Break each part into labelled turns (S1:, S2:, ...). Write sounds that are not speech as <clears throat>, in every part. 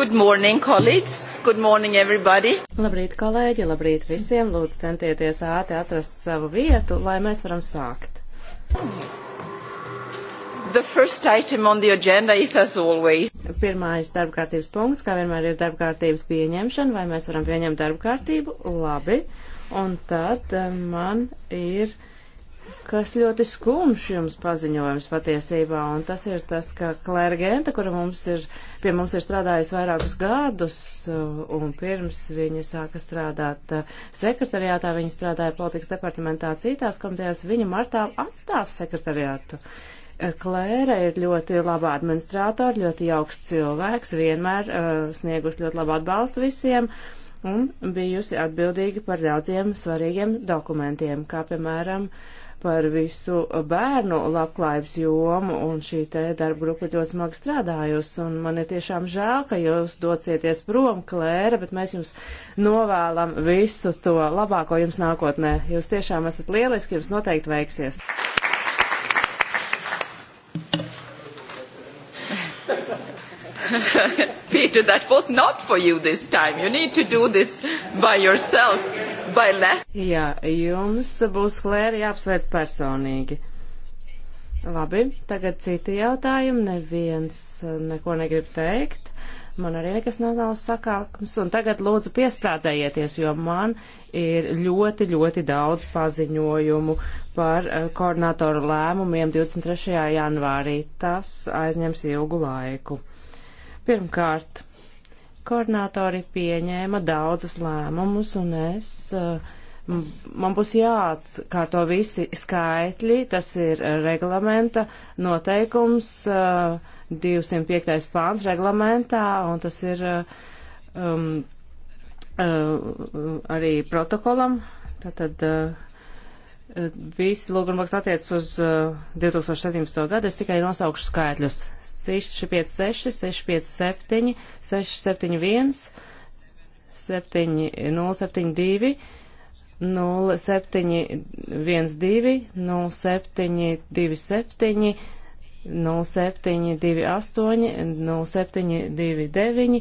S1: Good morning, colleagues. Good morning, everybody. Labrīt, kolēģi. Labrīt visiem. Lūdzu, centieties ātri atrast savu vietu, lai mēs varam sākt. The first item on the agenda is as always. Pirmais darbkārtības punkts, kā vienmēr, ir darbkārtības pieņemšana, vai mēs varam pieņemt darbkārtību. Labi. Un tad eh, man ir kas ļoti skumšs jums paziņojums patiesībā, un tas ir tas, ka Klēra Genta, kura mums ir, pie mums ir strādājusi vairākus gadus, un pirms viņa sāka strādāt eh, sekretariātā, viņa strādāja politikas departamentā citās komitejās, viņa martā atstās sekretariātu. Eh, Klēra ir ļoti laba administrātora, ļoti jauks cilvēks, vienmēr uh, sniegus ļoti labu atbalstu visiem. Un bijusi atbildīga par daudziem svarīgiem dokumentiem, kā piemēram uh, par visu bērnu labklājības jomu, un šī te darba grupa ļoti smagi strādājusi, un man ir tiešām žēl, ka jūs docieties prom, Klēra, bet mēs jums novēlam visu to labāko jums nākotnē. Jūs tiešām esat lieliski, jums noteikti veiksies.
S2: <laughs> Peter, that was not for you this time. You need to do this
S1: by yourself, by left. Jā, jums būs klēri jāapsveic personīgi. Labi, tagad citi jautājumi. Neviens eh, neko negrib teikt. Man arī nekas nav, nav sakāms. Un tagad lūdzu piesprādzējieties, jo man ir ļoti, ļoti daudz paziņojumu par eh, koordinatoru lēmumiem 23. janvārī. Tas aizņems ilgu laiku. Pirmkārt, koordinātori pieņēma daudzus lēmumus, un es, uh, man būs jāatkārto visi skaitļi, tas ir reglamenta noteikums, 205. Uh, pāns reglamentā, un tas ir uh, um, arī protokolam, tātad visi lūgumraks attiec uz 2017. gadu, es tikai nosaukšu skaitļus. 656, 657, 671, 072, 0712, 0727, 0728, 0729,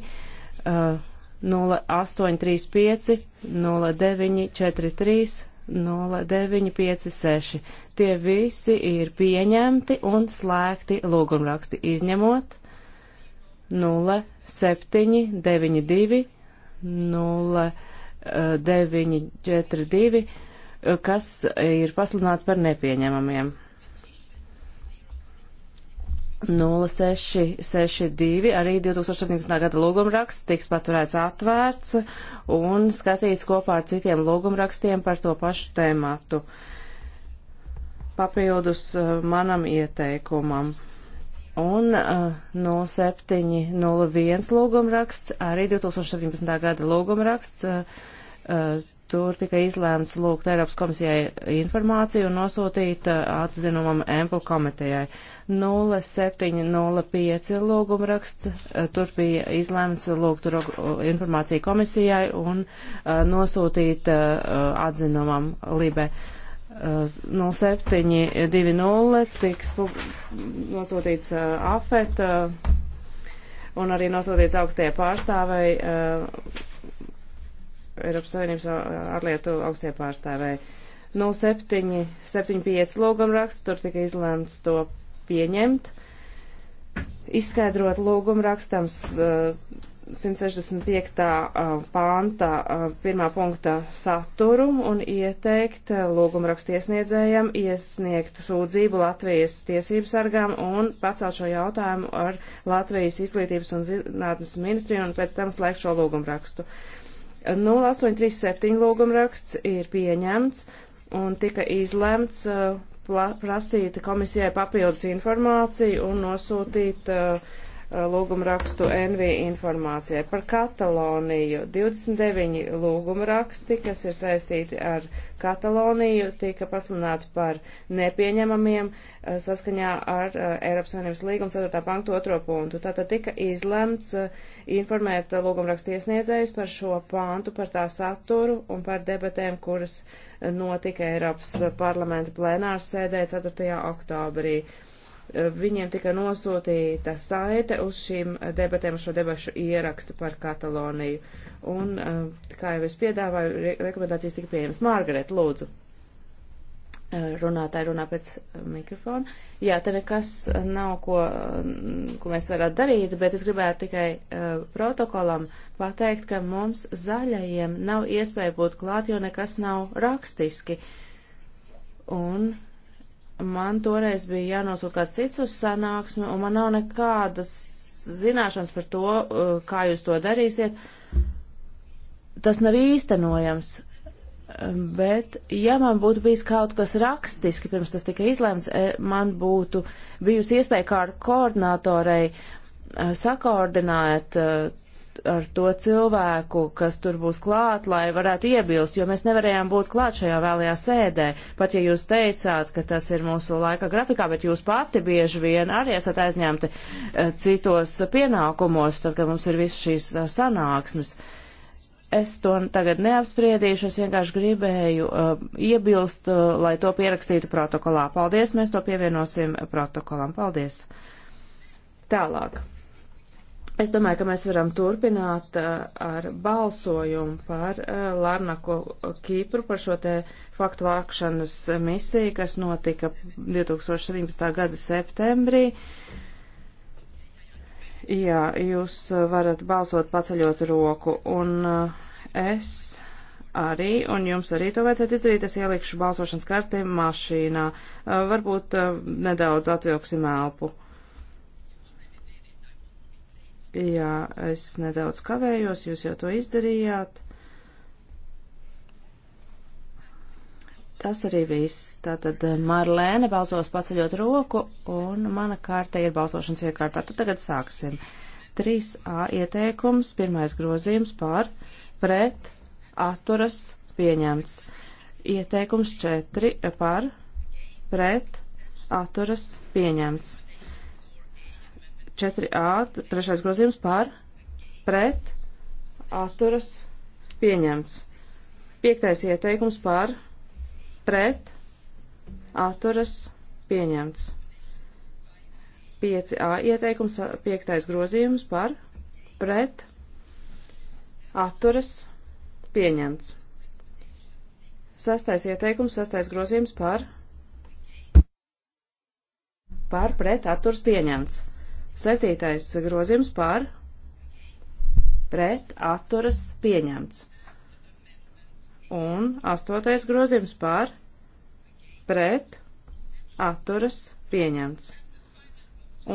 S1: 0835, 0943, 0956. Tie visi ir pieņemti un slēgti lūgumraksti izņemot 0792 0942, eh, eh, kas ir pasludināti par nepieņemamiem. 0662, arī 2017. gada lūgumraksts tiks paturēts atvērts un skatīts kopā ar citiem lūgumrakstiem par to pašu tēmatu. Uh, papildus eh, manam ieteikumam. Un uh, eh, 0701 lūgumraksts, arī 2017. gada lūgumraksts, uh, uh, tur tika izlēmts lūgt Eiropas komisijai informāciju un nosūtīt uh, atzinumam EMPL komitejai. 0705 lūgumraksts, uh, tur bija izlēmts lūgt informāciju komisijai un uh, nosūtīt uh, atzinumam Libē. Uh, 0720 tiks nosūtīts AFET un arī nosūtīts augstajai pārstāvēji, Eiropas Savienības ārlietu augstajai pārstāvēji. 0775 lūguma raksts, tur tika izlēmts to pieņemt, izskaidrot lūguma rakstams 165. pānta pirmā punkta saturu un ieteikt lūgumrakstu iesniedzējiem iesniegt sūdzību Latvijas tiesību sargām un pacelt šo jautājumu ar Latvijas izglītības un zinātnes ministriju un pēc tam slēgt šo lūgumrakstu. 0837 lūgumraksts ir pieņemts un tika izlemts prasīt komisijai papildus informāciju un nosūtīt uh, Uh, lūgumu rakstu NV informācijai. Par Kataloniju 29 lūgumu raksti, kas ir saistīti ar Kataloniju, tika pasludināti par nepieņemamiem uh, saskaņā ar uh, Eiropas Savienības līgumu 4. pantu 2. punktu. Tātad tika izlemts informēt lūgumu rakstu iesniedzējus par šo pantu, par tā saturu un par debatēm, kuras notika Eiropas parlamenta plenārsēdē 4. oktobrī viņiem tika nosūtīta saite uz šīm debatēm, šo debašu ierakstu par Kataloniju. Un, eh, kā jau es piedāvāju, re rekomendācijas tika pieejamas. Margaret, lūdzu. Eh, runātāji runā pēc eh, mikrofona. Jā, te nekas nav, ko, ko mēs varētu darīt, bet es gribētu tikai uh, protokolam pateikt, ka mums zaļajiem nav iespēja būt klāt, jo nekas nav rakstiski. Un uh, man toreiz bija jānosūt kāds cits uz sanāksmi, un man nav nekādas zināšanas par to, uh, kā jūs to darīsiet. Tas nav īstenojams. Um, bet, ja man būtu bijis kaut kas rakstiski, pirms tas tika izlēmts, e, man būtu bijusi iespēja kā ar koordinatorei uh, sakoordinēt uh, ar to cilvēku, kas tur būs klāt, lai varētu iebilst, jo mēs nevarējām būt klāt šajā vēlajā sēdē. Pat ja jūs teicāt, ka tas ir mūsu laika grafikā, bet jūs pati bieži vien arī esat aizņemti eh, citos pienākumos, tad, kad mums ir visas šīs eh, sanāksmes. Es to tagad neapspriedīšu, es vienkārši gribēju uh, iebilst, uh, lai to pierakstītu protokolā. Paldies, mēs to pievienosim protokolam. Paldies. Tālāk. Es domāju, ka mēs varam turpināt uh, ar balsojumu par uh, Larnaku Kīpru, par šo te faktu vākšanas misiju, kas notika 2017. gada septembrī. Jā, jūs varat balsot paceļot roku, un uh, es arī, un jums arī to vajadzētu izdarīt, es ielikšu balsošanas karti mašīnā. Varbūt nedaudz atvilksim elpu. Jā, es nedaudz kavējos, jūs jau to izdarījāt. Tas arī viss. Tātad eh, Marlēne balsos paceļot roku, un mana kārta ir balsošanas iekārtā. Tad tagad sāksim. 3A ieteikums, pirmais grozījums pār, pret, atturas, pieņemts. Ieteikums 4 par, pret, atturas, pieņemts. 4A, trešais grozījums par, pret, atturas, pieņemts. Piektais ieteikums par, pret, atturas, pieņemts. 5A ieteikums, piektais grozījums par, pret, atturas, pieņemts. Sastais ieteikums, sastais grozījums par, par, pret, atturas, pieņemts. Septītais grozījums par pret atturas pieņemts. Un astotais grozījums par pret atturas pieņemts.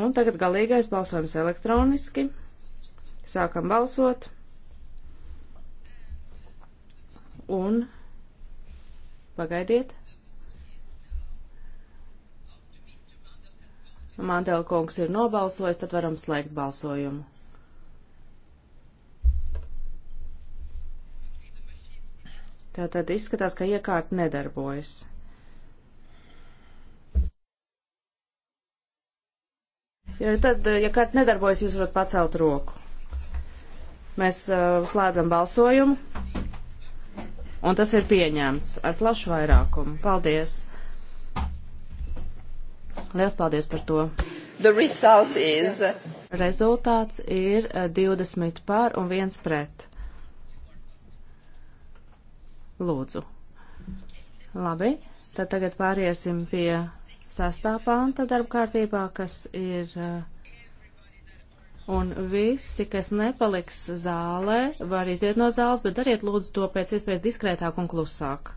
S1: Un tagad galīgais balsojums elektroniski. Sākam balsot. Un pagaidiet. Mandelkungs ir nobalsojis, tad varam slēgt balsojumu. Tātad izskatās, ka iekārta nedarbojas. Ja tad, ja kārt nedarbojas, jūs varat pacelt roku. Mēs uh, slēdzam balsojumu, un tas ir pieņemts ar plašu vairākumu. Paldies! Liels paldies par to. Is... Rezultāts ir 20 eh, pār un 1 pret. Lūdzu. Labi, tad tagad pāriesim pie sastā panta darba kārtībā, kas ir. Eh, un visi, kas nepaliks zālē, var iziet no zāles, bet dariet lūdzu to pēc iespējas diskrētāk un klusāk.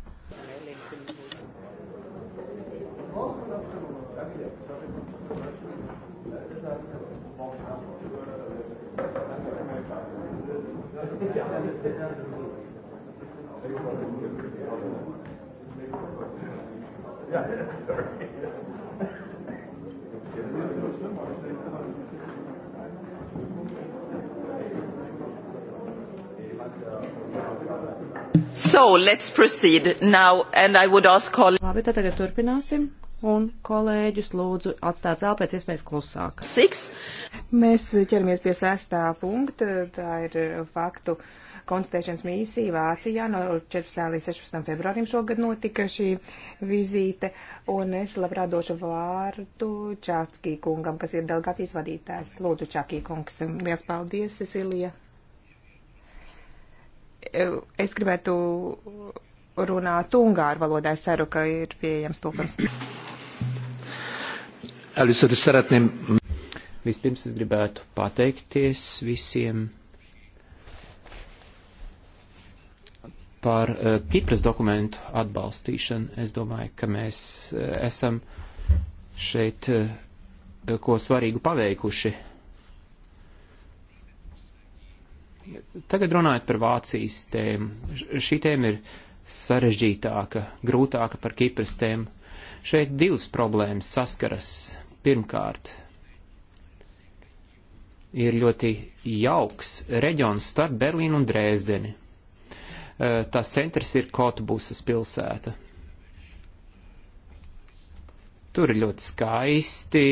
S1: Yeah, sorry. So, let's proceed now, and I would ask colleagues. Labi, tad tagad turpināsim, un kolēģus lūdzu atstāt zāli pēc iespējas klusāk. Six. Mēs ķeramies
S2: pie sestā punkta, tā ir faktu. Uh, konstatēšanas misija Vācijā no 14. līdz 16. februārim šogad notika šī vizīte, un es labprāt došu vārdu Čākī kungam, kas ir delegācijas vadītājs. Lūdzu, Čākī kungs, liels paldies, Cecilija. Es gribētu runāt ungāru valodā, es ceru, ka ir pieejams tulkums.
S3: Először is szeretném Vispirms es gribētu pateikties visiem par uh, Kipras dokumentu atbalstīšanu. Es domāju, ka mēs uh, esam šeit uh, ko svarīgu paveikuši. Tagad runājot par Vācijas tēmu. Šī tēma ir sarežģītāka, grūtāka par Kipras tēmu. Šeit divas problēmas saskaras. Pirmkārt, ir ļoti jauks reģions starp Berlīnu un Dresdeni Eh, tās centrs ir Kotbusas pilsēta. Tur ir ļoti skaisti,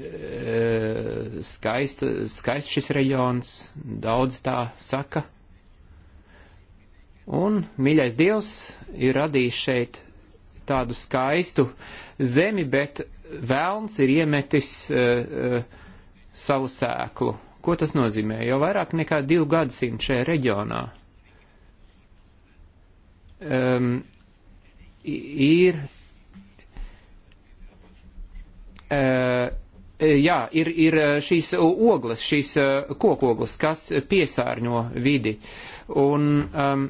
S3: eh, skaist, skaists šis reģions, daudz tā saka. Un mīļais Dievs ir radījis šeit tādu skaistu zemi, bet vēlns ir iemetis uh, uh, savu sēklu. Ko tas nozīmē? Jau vairāk nekā divu gadsimtu šajā reģionā um, ir. Uh, jā, ir, ir eh, šīs ogles, šīs kokogles, kas piesārņo vidi. Un um,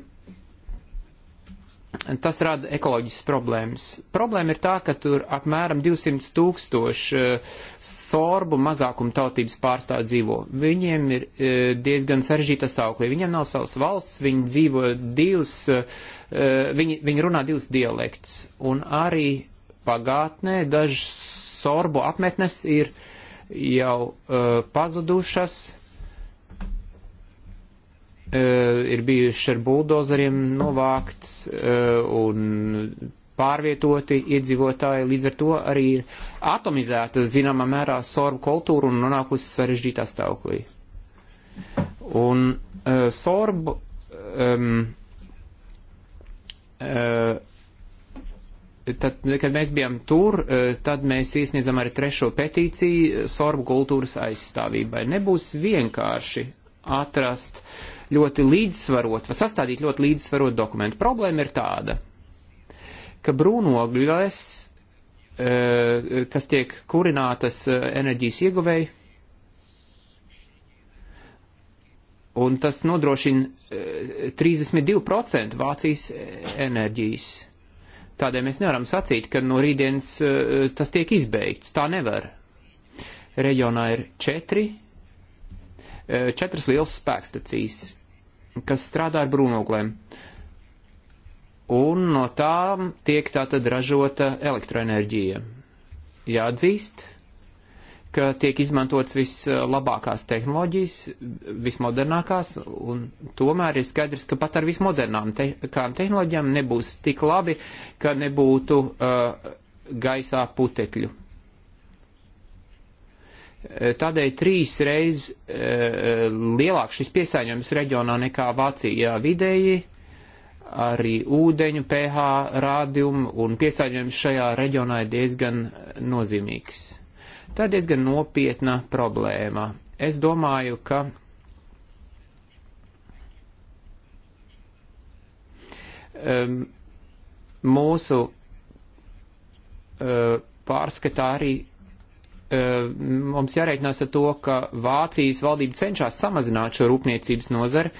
S3: tas rada ekoloģiskas problēmas. Problēma ir tā, ka tur apmēram 200 tūkstoši uh, sorbu mazākuma tautības pārstāv dzīvo. Viņiem ir uh, diezgan sarežģīta stāvoklī. Viņiem nav savas valsts, viņi dzīvo divas. Uh, Eh, viņi, viņi runā divus dialektus, un arī pagātnē dažas sorbu apmetnes ir jau eh, pazudušas, eh, ir bijuši ar buldozeriem novākts un pārvietoti iedzīvotāji, līdz ar to arī ir atomizēta zināmā mērā sorbu kultūra un nonākusi sarežģītā stāvoklī. Un uh, sorbu um, Eh, tad, kad mēs bijām tur, eh, tad mēs iesniedzam arī trešo petīciju eh, sorbu kultūras aizstāvībai. Nebūs vienkārši atrast ļoti līdzsvarot, vai sastādīt ļoti līdzsvarot dokumentu. Problēma ir tāda, ka brūnogļas, kas tiek kurinātas enerģijas ieguvēji, un tas nodrošina 32% eh, Vācijas eh, enerģijas. Tādēļ mēs nevaram sacīt, ka no rītdienas eh, tas tiek izbeigts. Tā nevar. Reģionā ir četri, četras liels spēkstacijas, kas strādā ar brūnoglēm. Un no tām tiek tātad ražota elektroenerģija. Jāatzīst, ka tiek izmantots vislabākās tehnoloģijas, vismodernākās, un tomēr ir skaidrs, ka pat ar vismodernām te tehnoloģijām nebūs tik labi, ka nebūtu uh, gaisā putekļu. Tādēļ trīs reizes uh, lielāks šis piesāņojums reģionā nekā Vācijā vidēji, arī ūdeņu pH rādiumu un piesāņojums šajā reģionā ir diezgan nozīmīgs. Tā ir diezgan nopietna problēma. Es domāju, ka um, mūsu uh, pārskatā arī uh, mums jārēķinās ar to, ka Vācijas valdība cenšas samazināt šo rūpniecības nozari,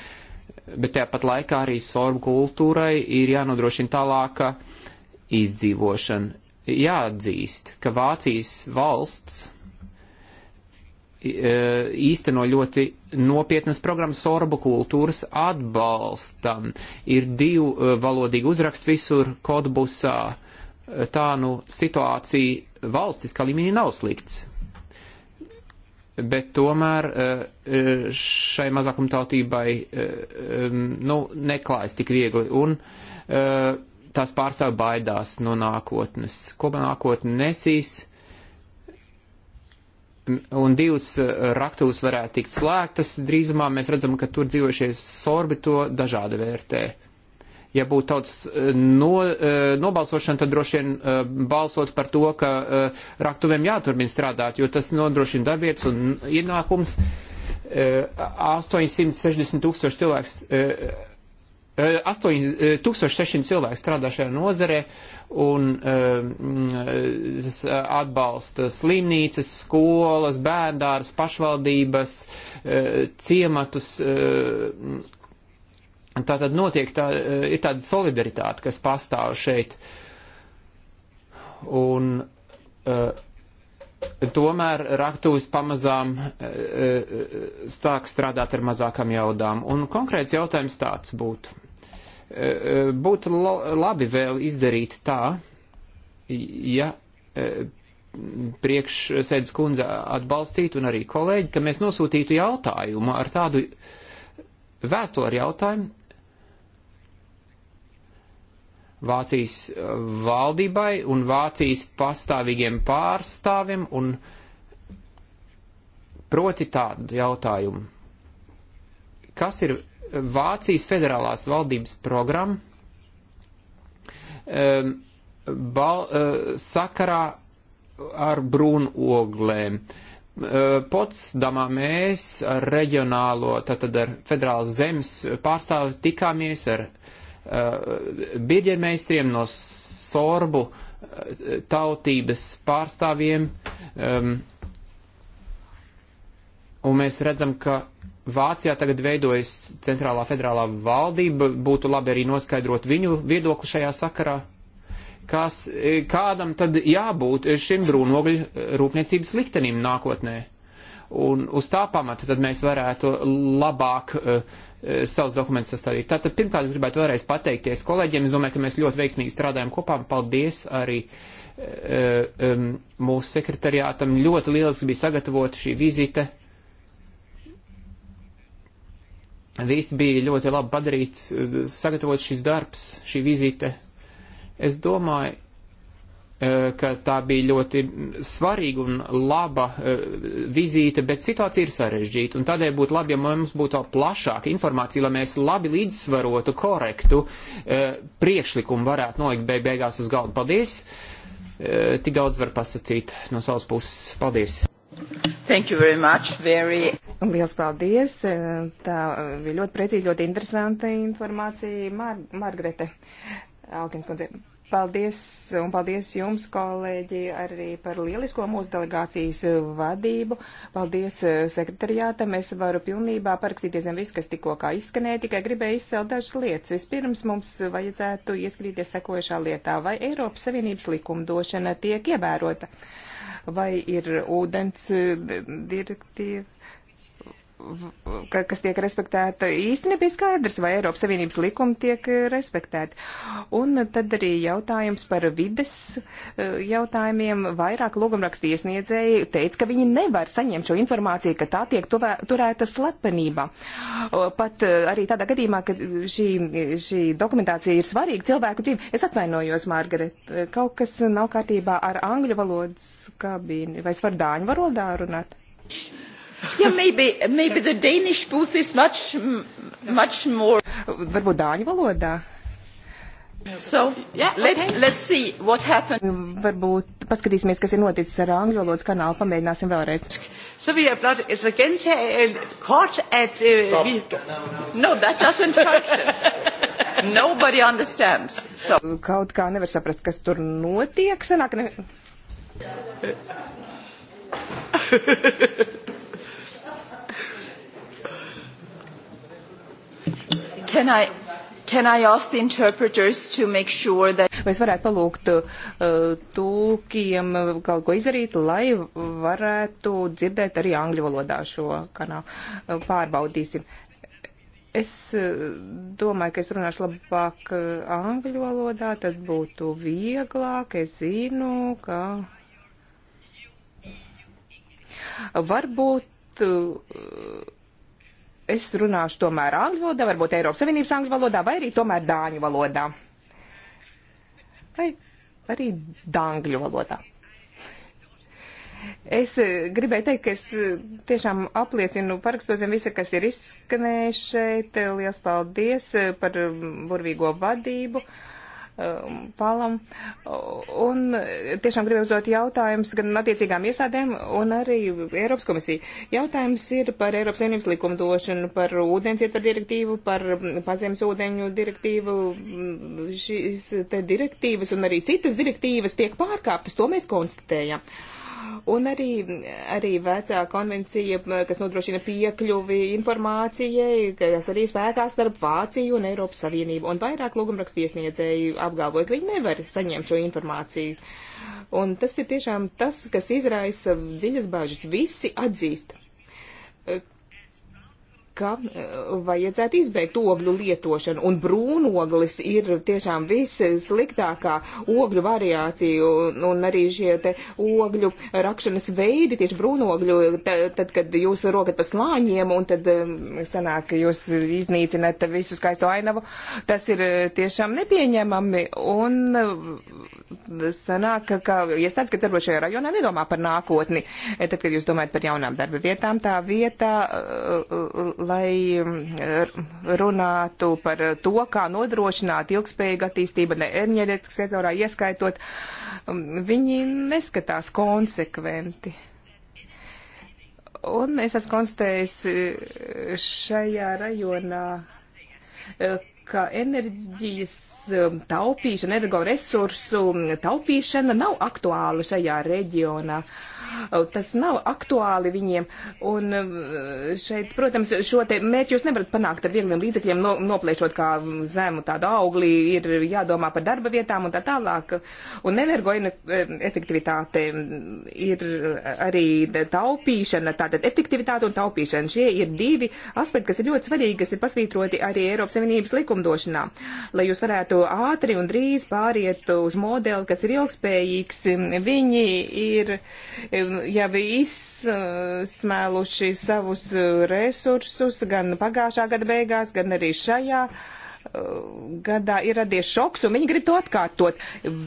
S3: bet tāpat laikā arī sorbu kultūrai ir jānodrošina tālāka izdzīvošana jāatzīst, ka Vācijas valsts e, īsteno ļoti nopietnas programmas sorbu kultūras atbalstam. Ir divu e, valodīgu uzrakstu visur kodbusā. E, tā nu situācija valstiskā līmenī nav slikts. Bet tomēr šai mazākumtautībai nu, neklājas tik viegli. Un, tās pārstāv baidās no nākotnes. Ko nākotne nesīs? Un divas uh, raktuves varētu tikt slēgtas. Drīzumā mēs redzam, ka tur dzīvojušie sorbi to dažādi vērtē. Ja būtu tauts uh, no, uh, nobalsošana, tad droši vien balsot par to, ka raktuvēm jāturpina strādāt, jo tas nodrošina darbietas un ienākums. 860 tūkstoši cilvēks 1600 eh, eh, cilvēku strādā šajā nozarē un eh, atbalsta slimnīcas, skolas, bērndāras, pašvaldības, ciematus. Tātad notiek tā, ir tāda solidaritāte, kas pastāv šeit. Un, tomēr raktuvis pamazām stāk strādāt ar mazākām jaudām. Un konkrēts jautājums tāds būtu. E, e, būtu labi vēl izdarīt tā, ja e, priekšsēdz kundze atbalstītu un arī kolēģi, ka mēs nosūtītu jautājumu ar tādu vēstuli ar jautājumu Vācijas valdībai un Vācijas pastāvīgiem pārstāvim un proti tādu jautājumu. Kas ir Vācijas federālās valdības programma um, bal, uh, sakarā ar brūnoglēm. Uh, Potsdamā mēs ar reģionālo, tātad ar federālas zemes pārstāvi tikāmies ar uh, birģermeistriem no sorbu uh, tautības pārstāvjiem, um, un mēs redzam, ka Vācijā tagad veidojas centrālā federālā valdība, būtu labi arī noskaidrot viņu viedokli šajā sakarā. Kas, kādam tad jābūt šim brūnogļu eh, rūpniecības liktenim nākotnē? Un uz tā pamata tad mēs varētu labāk uh, savus dokumentus sastādīt. Tātad pirmkārt es gribētu vēlreiz pateikties kolēģiem. Es domāju, ka mēs ļoti veiksmīgi strādājam kopā. Paldies arī uh, um, mūsu sekretariātam. Ļoti lieliski bija sagatavota šī vizite viss bija ļoti labi padarīts, sagatavots šis darbs, šī vizīte. Es domāju, e, ka tā bija ļoti svarīga un laba e, vizīte, bet situācija ir sarežģīta, un tādēļ būtu labi, ja mums būtu plašāka informācija, lai mēs labi līdzsvarotu, korektu e, priekšlikumu varētu nolikt beig beigās uz galdu. Paldies! Tik daudz var pasakīt no savas puses. Paldies!
S1: Thank you very much. Very...
S2: Liels paldies! Tā bija ļoti precīzi, ļoti interesanta informācija, Mar Margrete Alkinskundze. Paldies un paldies jums, kolēģi, arī par lielisko mūsu delegācijas vadību. Paldies eh, sekretariātam. Es varu pilnībā parakstīties zem visu, kas tikko kā izskanēja, tikai gribēju izcelt dažas lietas. Vispirms mums vajadzētu ieskrīties sekojušā lietā, vai Eiropas Savienības likumdošana tiek ievērota, vai ir ūdens eh, direktīva kas tiek respektēta, īsti nebija skaidrs, vai Eiropas Savienības likumi tiek eh, respektēti. Un tad arī jautājums par vides eh, jautājumiem. Vairāk lūgumrakstu iesniedzēji teica, ka viņi nevar saņemt šo informāciju, ka tā tiek tuvē, turēta slepenībā. Pat eh, arī tādā gadījumā, ka šī, šī dokumentācija ir svarīga cilvēku dzīve. Es atvainojos, Margaret, kaut kas nav kārtībā ar angļu valodas kabīni. Vai es varu dāņu valodā runāt? Yeah, maybe, maybe the Danish booth is much, much more. Varbūt dāņu valodā. So, yeah, let's, okay. let's see what happened. Varbūt paskatīsimies, kas ir noticis ar angļu valodas kanālu. Pamēģināsim vēlreiz.
S1: Så vil jeg blot altså, gentage kort, at uh, vi... No, that doesn't function. Nobody understands.
S2: So. Kaut kā nevar saprast, kas tur notiek. Sanāk, ne...
S1: <laughs> Can I, can I ask
S2: the interpreters to make sure that... Vai es varētu palūgt uh, tūkiem kaut ko izdarīt, lai varētu dzirdēt arī angļu valodā šo kanālu? Uh, pārbaudīsim. Es uh, domāju, ka es runāšu labāk uh, angļu valodā, tad būtu vieglāk. Es zinu, ka. Varbūt. Uh, es runāšu tomēr angļu valodā, varbūt Eiropas Savienības angļu valodā, vai arī tomēr dāņu valodā. Vai arī dāngļu valodā. Es eh, gribēju teikt, ka es eh, tiešām apliecinu parakstoziem visu, kas ir izskanējuši šeit. Lielas paldies eh, par mm, burvīgo vadību. Uh, Um, palam. Un tiešām gribu uzdot jautājumus gan attiecīgām iestādēm, un arī Eiropas komisija. Jautājums ir par Eiropas Savienības likumdošanu, par ūdens ietver direktīvu, par pazemes ūdeņu direktīvu. Šīs te direktīvas un arī citas direktīvas tiek pārkāptas, to mēs konstatējam. Uh, Un arī, arī vecā konvencija, kas nodrošina piekļuvi informācijai, kas arī spēkā starp Vāciju un Eiropas Savienību. Un vairāk lūgumrakstu iesniedzēji apgalvoja, ka viņi nevar saņemt šo informāciju. Un tas ir tiešām tas, kas izraisa dziļas bāžas. Visi atzīst, ka e, vajadzētu izbeigt ogļu lietošanu, un brūnoglis ir tiešām vissliktākā ogļu variācija, un, un arī šie te ogļu rakšanas veidi, tieši brūnogļu, tad, tad kad jūs rokat pa slāņiem, un tad e, sanāk, ka jūs iznīcināt visu skaisto ainavu, tas ir e, tiešām nepieņemami, un sanāk, ka iestādes, ka darbo šajā rajonā nedomā par nākotni, tad, kad jūs domājat par jaunām darba vietām, tā vietā lai mm, runātu par to, kā nodrošināt ilgspējīgu attīstību ne enerģētikas sektorā ieskaitot, mm, viņi neskatās konsekventi. Un es esmu konstatējis e, šajā rajonā, e, ka enerģijas taupīšana, energoresursu taupīšana nav aktuāla šajā reģionā. Uh, tas nav aktuāli viņiem. Un eh, šeit, protams, šo te mērķi jūs nevarat panākt ar viegliem līdzekļiem, no, nopliešot kā zemu tādu augli, ir jādomā par darba vietām un tā tālāk. Un energoefektivitāte ir arī taupīšana, tātad efektivitāte un taupīšana. Šie ir divi aspekti, kas ir ļoti svarīgi, kas ir pasvītroti arī Eiropas Savienības likumdošanā, lai jūs varētu ātri un drīz pāriet uz modeli, kas ir ilgspējīgs. Viņi ir jau izsmēluši savus uh, resursus gan pagājušā gada beigās, gan arī šajā uh, gadā ir radies šoks, un viņi grib to atkārtot.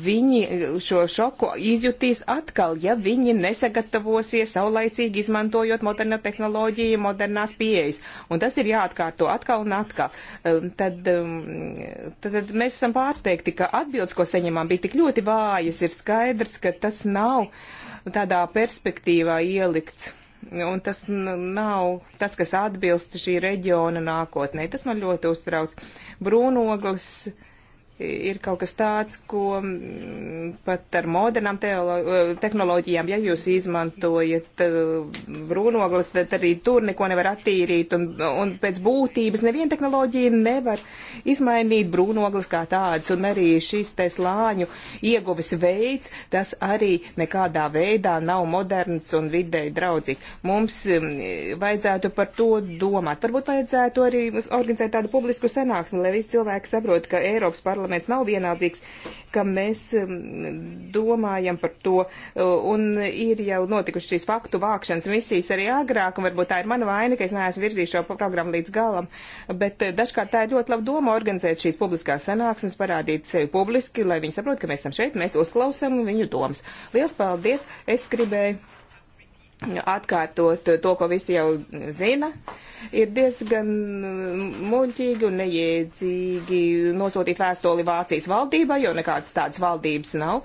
S2: Viņi uh, šo šoku izjutīs atkal, ja viņi nesagatavosies saulaicīgi izmantojot moderno tehnoloģiju, modernās pieejas. Un tas ir jāatkārto atkal un atkal. Um, tad, um, tad, tad mēs esam pārsteigti, ka atbildes, ko saņemām, bija tik ļoti vājas. Ir skaidrs, ka tas nav. Uh, tādā perspektīvā ielikts. Un tas nav tas, kas atbilst šī reģiona nākotnē. Tas man ļoti uztrauc. Brūnoglis ir kaut kas tāds, ko mm, pat ar modernām tehnoloģijām, ja jūs izmantojat mm, brūnoglas, tad arī tur neko nevar attīrīt, un, un pēc būtības neviena tehnoloģija nevar izmainīt brūnoglas kā tāds, un arī šis te slāņu ieguves veids, tas arī nekādā veidā nav moderns un videi draudzīgs. Mums mm, vajadzētu par to domāt. Varbūt vajadzētu arī organizēt tādu publisku sanāksmi, lai visi cilvēki saprot, ka Eiropas parlaments parlaments nav vienaldzīgs, ka mēs um, domājam par to. Uh, un ir jau notikušas šīs faktu vākšanas misijas arī agrāk, un varbūt tā ir mana vaina, ka es neesmu virzījis šo programmu līdz galam. Bet uh, dažkārt tā ir ļoti laba doma organizēt šīs publiskās sanāksmes, parādīt sevi publiski, lai viņi saprot, ka mēs esam šeit, mēs uzklausam viņu domas. Liels paldies! Es gribēju atkārtot to, ko visi jau zina. Uh, ir diezgan mm, muļķīgi un neiedzīgi nosūtīt vēstuli Vācijas valdībai, jo nekādas tādas valdības nav,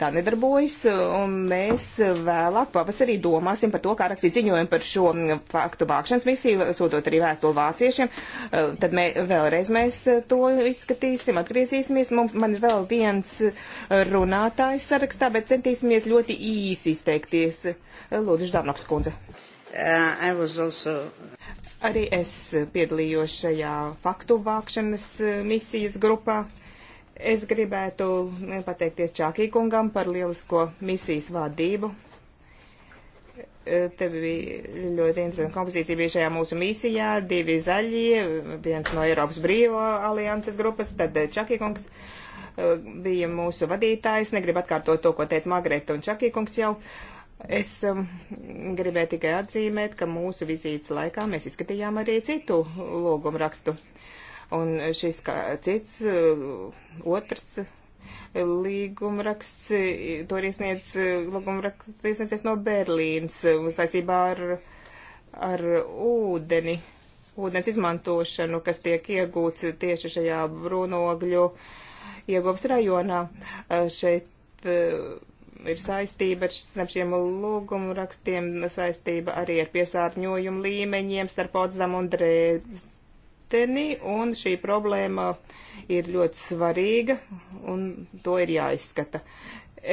S2: tā nedarbojas, un mēs vēlāk pavasarī domāsim par to, kā rakstīt ziņojumu par šo mm, faktu vākšanas misiju, sūtot arī vēstuli vāciešiem, tad mē, vēlreiz mēs to izskatīsim, atgriezīsimies. Mums, man ir vēl viens runātājs sarakstā, bet centīsimies ļoti īsi izteikties. Lūdzu, Ždanoks kundze. Uh, also... Arī es piedalījos šajā faktu vākšanas e, misijas grupā. Es gribētu e, pateikties Čākī kungam par lielisko misijas vadību. E, te bija ļoti interesanta kompozīcija bija šajā mūsu misijā. Divi zaļie, viens no Eiropas brīvo alianses grupas, tad Čākī kungs bija mūsu vadītājs. Negribu atkārtot to, ko teica Magreta un Čakīkungs jau. Es um, gribēju tikai atzīmēt, ka mūsu vizītes laikā mēs izskatījām arī citu lūgumu rakstu. Un šis kā cits, uh, otrs līguma raksts, to ir iesniedz lūguma raksts iesniedzies no Berlīnas uh, saistībā ar, ar ūdeni, ūdens izmantošanu, kas tiek iegūts tieši šajā brūnogļu ieguves rajonā. Uh, šeit ir saistība ar šiem lūgumu rakstiem, saistība arī ar piesārņojumu līmeņiem starp Potsdam un Dresdeni, un šī problēma ir ļoti svarīga, un to ir jāizskata.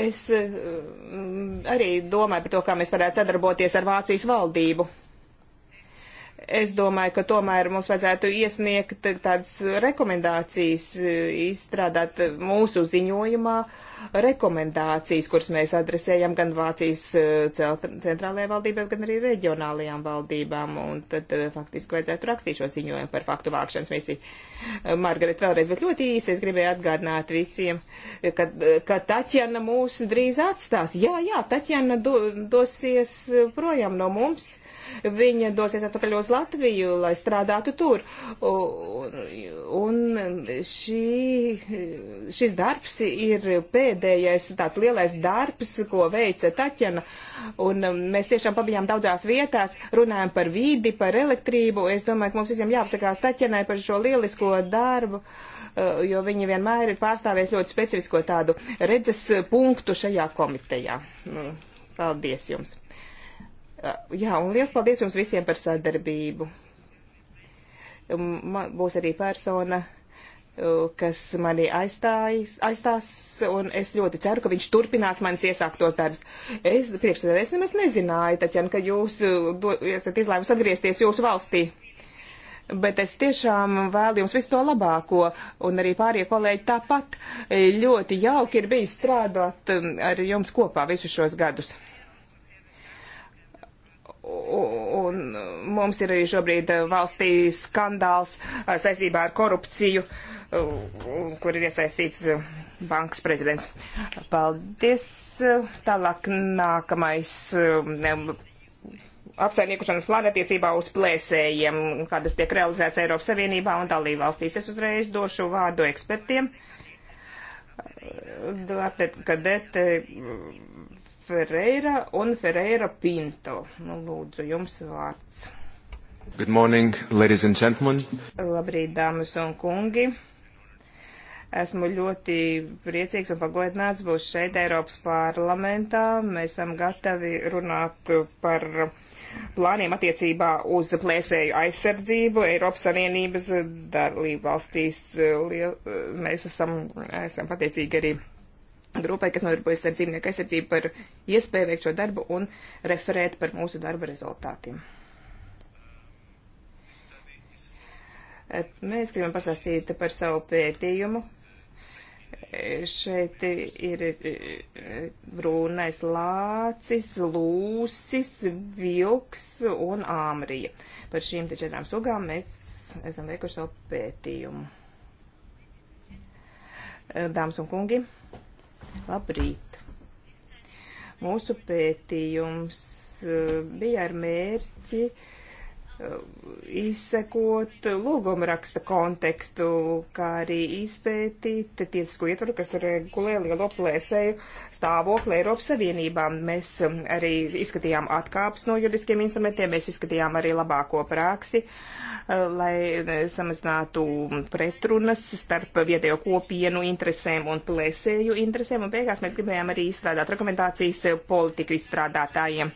S2: Es mm, arī domāju par to, kā mēs varētu sadarboties ar Vācijas valdību Es domāju, ka tomēr mums vajadzētu iesniegt tādas rekomendācijas, izstrādāt mūsu ziņojumā rekomendācijas, kuras mēs adresējam gan Vācijas eh, centrālajai valdībai, gan arī reģionālajām valdībām. Un tad eh, faktiski vajadzētu rakstīt šo ziņojumu par faktu vākšanas misiju. Eh, Margaret, vēlreiz, bet ļoti īsi es gribēju atgādināt visiem, ka, ka Taķana mūs drīz atstās. Jā, jā, Taķana do, dosies projām no mums. Viņa dosies atpakaļ uz uz Latviju, lai strādātu tur. Un, un šī, šis darbs ir pēdējais tāds lielais darbs, ko veica Taķena. Un um, mēs tiešām pabijām daudzās vietās, runājam par vīdi, par elektrību. Es domāju, ka mums visiem jāapsakās Taķenai par šo lielisko darbu uh, jo viņi vienmēr ir pārstāvējis ļoti specifisko tādu redzes punktu šajā komitejā. Nu, paldies jums! Jā, un liels paldies jums visiem par sadarbību. Man būs arī persona, kas mani aizstājas, aizstās, un es ļoti ceru, ka viņš turpinās manis iesāktos darbus. Es priekšsēdēju, es nemaz nezināju, Taķan, ka jūs do, esat izlēmusi atgriezties jūsu valstī. Bet es tiešām vēlu jums visu to labāko, un arī pārējie kolēģi tāpat. Ļoti jauki ir bijis strādāt um, ar jums kopā visus šos gadus un mums ir arī šobrīd eh, valstī skandāls eh, saistībā ar korupciju, eh, kur ir iesaistīts bankas prezidents. Paldies. Tālāk nākamais apsaimniekošanas plāna attiecībā uz plēsējiem, kādas tiek realizētas Eiropas Savienībā un dalībvalstīs. Es uzreiz došu vārdu ekspertiem. Duarte Kadete Ferreira un Ferreira Pinto. Nu, lūdzu, jums vārds.
S1: Good morning, ladies and gentlemen.
S2: Labrīt, dāmas un kungi. Esmu ļoti priecīgs un pagodināts būt šeit Eiropas parlamentā. Mēs esam gatavi runāt par plāniem attiecībā uz plēsēju aizsardzību Eiropas Savienības dalību valstīs. Mēs esam, esam pateicīgi arī grupai, kas nodarbojas ar dzīvnieku aizsardzību, par iespēju veikt šo darbu un referēt par mūsu darba rezultātiem. Mēs gribam pasāstīt par savu pētījumu. Šeit ir brūnais lācis, lūsis, vilks un āmrija. Par šīm te četrām sugām mēs esam veikuši savu pētījumu. Dāmas un kungi, Labrīt! Mūsu pētījums e, bija ar mērķi e, izsekot lūguma raksta kontekstu, kā arī izpētīt tiesisko ietvaru, kas regulē lielo plēsēju stāvokli Eiropas Savienībā. Mēs e, arī izskatījām atkāpes no juridiskiem instrumentiem, mēs izskatījām arī labāko praksi. Uh, lai eh, samazinātu pretrunas starp vietējo kopienu interesēm un plēsēju interesēm. Un beigās mēs gribējām arī izstrādāt rekomendācijas politiku izstrādātājiem.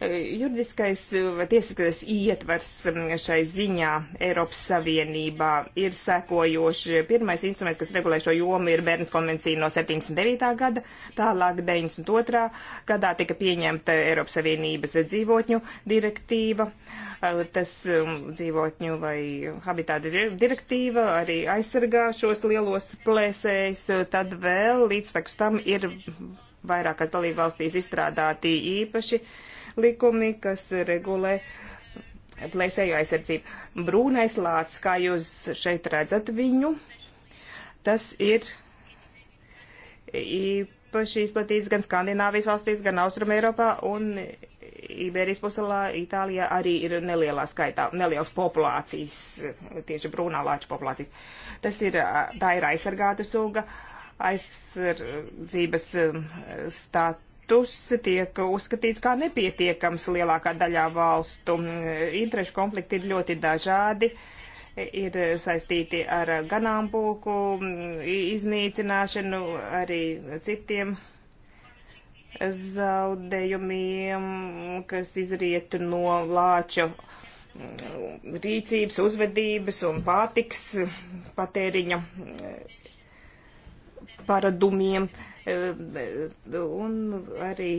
S2: Eh, juridiskais vai eh, tiesiskais ietvers mm, šai ziņā Eiropas Savienībā ir sekojoši. Pirmais instruments, kas regulē šo jomu, ir Bērnas konvencija no 79. gada, tālāk 92. gadā tika pieņemta Eiropas Savienības dzīvotņu direktīva. Uh, Tas um, dzīvotņu vai habitāta direktīva arī aizsargā šos lielos plēsējus. Tad vēl līdztekus tam ir vairākās dalībvalstīs izstrādāti īpaši likumi, kas regulē plēsēju aizsardzību. Brūnais lācis, kā jūs šeit redzat viņu, tas ir īpaši izplatīts gan Skandināvijas valstīs, gan Austrum Eiropā un Iberijas puselā Itālijā arī ir nelielā skaitā, nelielas populācijas, tieši brūnā lāča populācijas. Tas ir, tā ir aizsargāta suga, aizsardzības um, status tiek uzskatīts kā nepietiekams lielākā daļā valstu. Mm, interešu konflikti ir ļoti dažādi ir saistīti ar ganāmpulku mm, iznīcināšanu, arī citiem zaudējumiem, kas izriet no lāča mm, rīcības, uzvedības un pārtiks patēriņa mm, paradumiem eh, un arī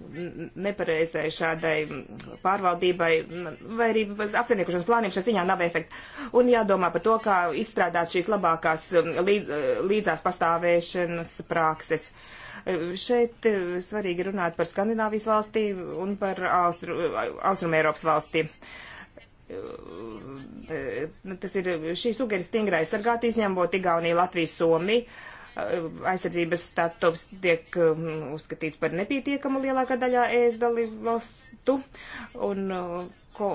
S2: nepareizai šādai pārvaldībai mm, vai arī apsainiekošanas plāniem šajā ziņā nav efekta. Un jādomā par to, kā izstrādāt šīs labākās eh, līdzās pastāvēšanas prakses. Uh, Šeit eh, svarīgi runāt par Skandināvijas valstīm un par Austru, eh, Austrum Eiropas valstīm. Eh, tas ir šīs uguņas stingrai sargāt, izņemot Igauniju, Latviju, Somiju aizsardzības status tiek uzskatīts par nepietiekamu lielākā daļā ES dalībvalstu, un ko,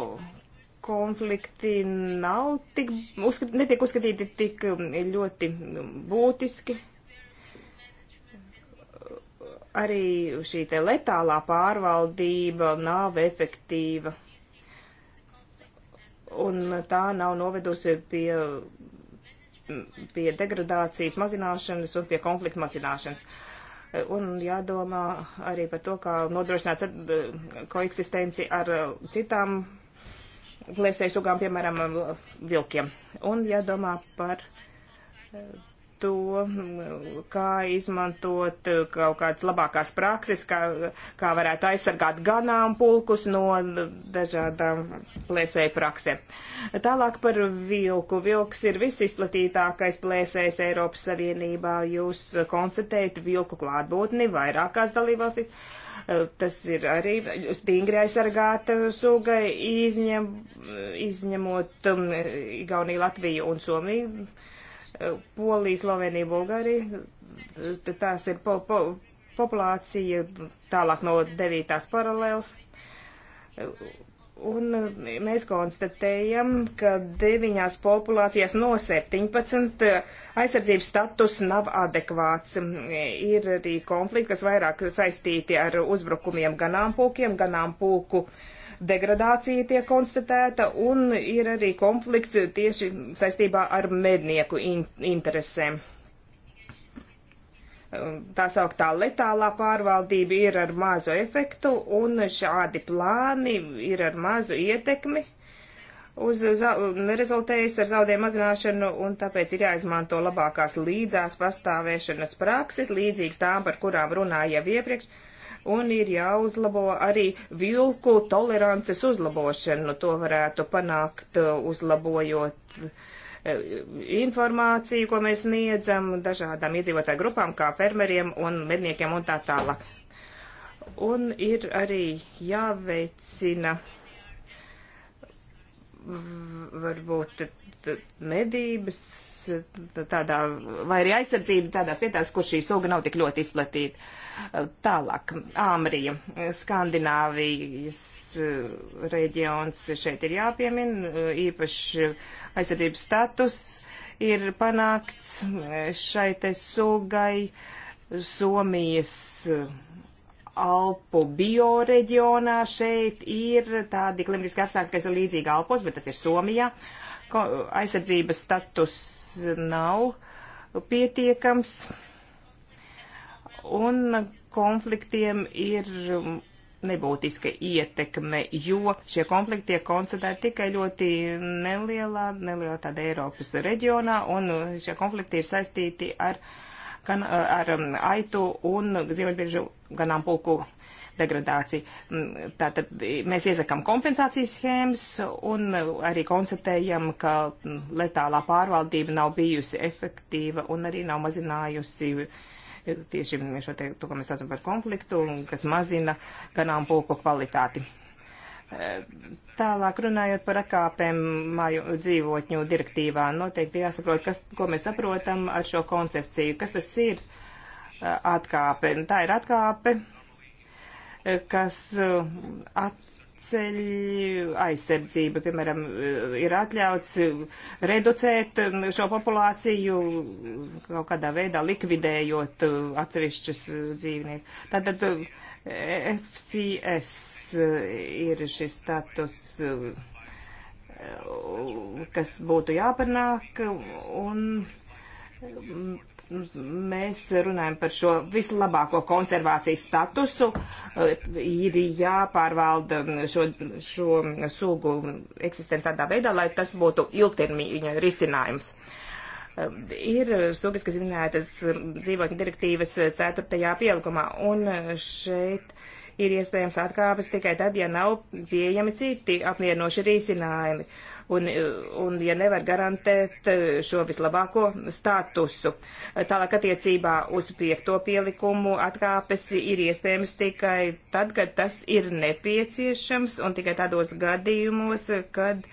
S2: konflikti nav tik, uzskat, netiek uzskatīti tik ļoti būtiski arī šī te letālā pārvaldība nav efektīva. Un tā nav novedusi pie, pie degradācijas mazināšanas un pie konflikta mazināšanas. Un jādomā arī par to, kā nodrošināt eh, koeksistenci ar eh, citām plēsēju sugām, piemēram, eh, vilkiem. Un jādomā par to, kā izmantot kaut kādas labākās prakses, kā, kā varētu aizsargāt ganāmpulkus no dažādām plēsēju praksēm. Tālāk par vilku. Vilks ir visizplatītākais plēsējs Eiropas Savienībā. Jūs konstatējat vilku klātbūtni vairākās dalībvalstīs. Tas ir arī stingri aizsargāta suga, izņem, izņemot um, Igauniju, Latviju un Somiju Polija, Slovenija, Bulgārija. Tās ir po, po, populācija tālāk no 9. paralēlas. Un mēs konstatējam, ka deviņās populācijās no 17 aizsardzības status nav adekvāts. Ir arī konflikti, kas vairāk saistīti ar uzbrukumiem ganāmpūkiem, ganāmpūku uh, degradācija tiek konstatēta un ir arī konflikts tieši saistībā ar mednieku in interesēm. Tā sauktā letālā pārvaldība ir ar mazu efektu un šādi plāni ir ar mazu ietekmi uz nerezultējas ar zaudējumu mazināšanu, un tāpēc ir jāizmanto labākās līdzās pastāvēšanas prakses, līdzīgas tām, par kurām runāja iepriekš un ir jāuzlabo arī vilku tolerances uzlabošanu. Nu, to varētu panākt uh, uzlabojot uh, informāciju, ko mēs sniedzam dažādām iedzīvotāju grupām, kā fermeriem un medniekiem un tā tālāk. Un ir arī jāveicina varbūt medības tādā, vai arī aizsardzība tādās vietās, kur šī suga nav tik ļoti izplatīta. Tālāk, Āmrija, Skandināvijas eh, reģions šeit ir jāpiemina, eh, īpaši aizsardzības status ir panākts eh, šai te sugai Somijas Alpu bioreģionā šeit ir tādi klimatiski apstākļi, kas ir līdzīgi Alpos, bet tas ir Somijā. Uh, aizsardzības status nav pietiekams, un konfliktiem ir nebūtiska ietekme, jo šie konflikti tiek koncentrēti tikai ļoti nelielā, nelielā tāda Eiropas reģionā, un šie konflikti ir saistīti ar, gan, ar um, aitu un ziemeļbiežu ganāmpulku degradāciju. Mm, tātad mēs iesakām kompensācijas schēmas un arī konstatējam, ka mm, letālā pārvaldība nav bijusi efektīva un arī nav mazinājusi e, tieši šo te, to, ko mēs saucam par konfliktu, kas mazina ganāmpulku kvalitāti. E, tālāk runājot par akāpēm māju dzīvotņu direktīvā, noteikti jāsaprot, kas, ko mēs saprotam ar šo koncepciju, kas tas ir e, atkāpe. Tā ir atkāpe kas uh, atceļ aizsardzību. Piemēram, uh, ir atļauts reducēt um, šo populāciju kaut kādā veidā likvidējot uh, atsevišķus dzīvniekus. Tātad FCS ir šis status kas būtu jāpanāk, un um, mēs runājam par šo vislabāko konservācijas statusu. Ir jāpārvalda šo, šo sugu eksistenci tādā veidā, lai tas būtu ilgtermiņa risinājums. Ir sugas, kas minētas dzīvotņu direktīvas 4. pielikumā, un šeit ir iespējams atkāpes tikai tad, ja nav pieejami citi apmierinoši risinājumi. Uh, un, un ja nevar garantēt šo vislabāko statusu. Tālāk attiecībā uz piekto pielikumu atkāpes ir iespējams tikai tad, kad tas ir nepieciešams un tikai tādos gadījumos, kad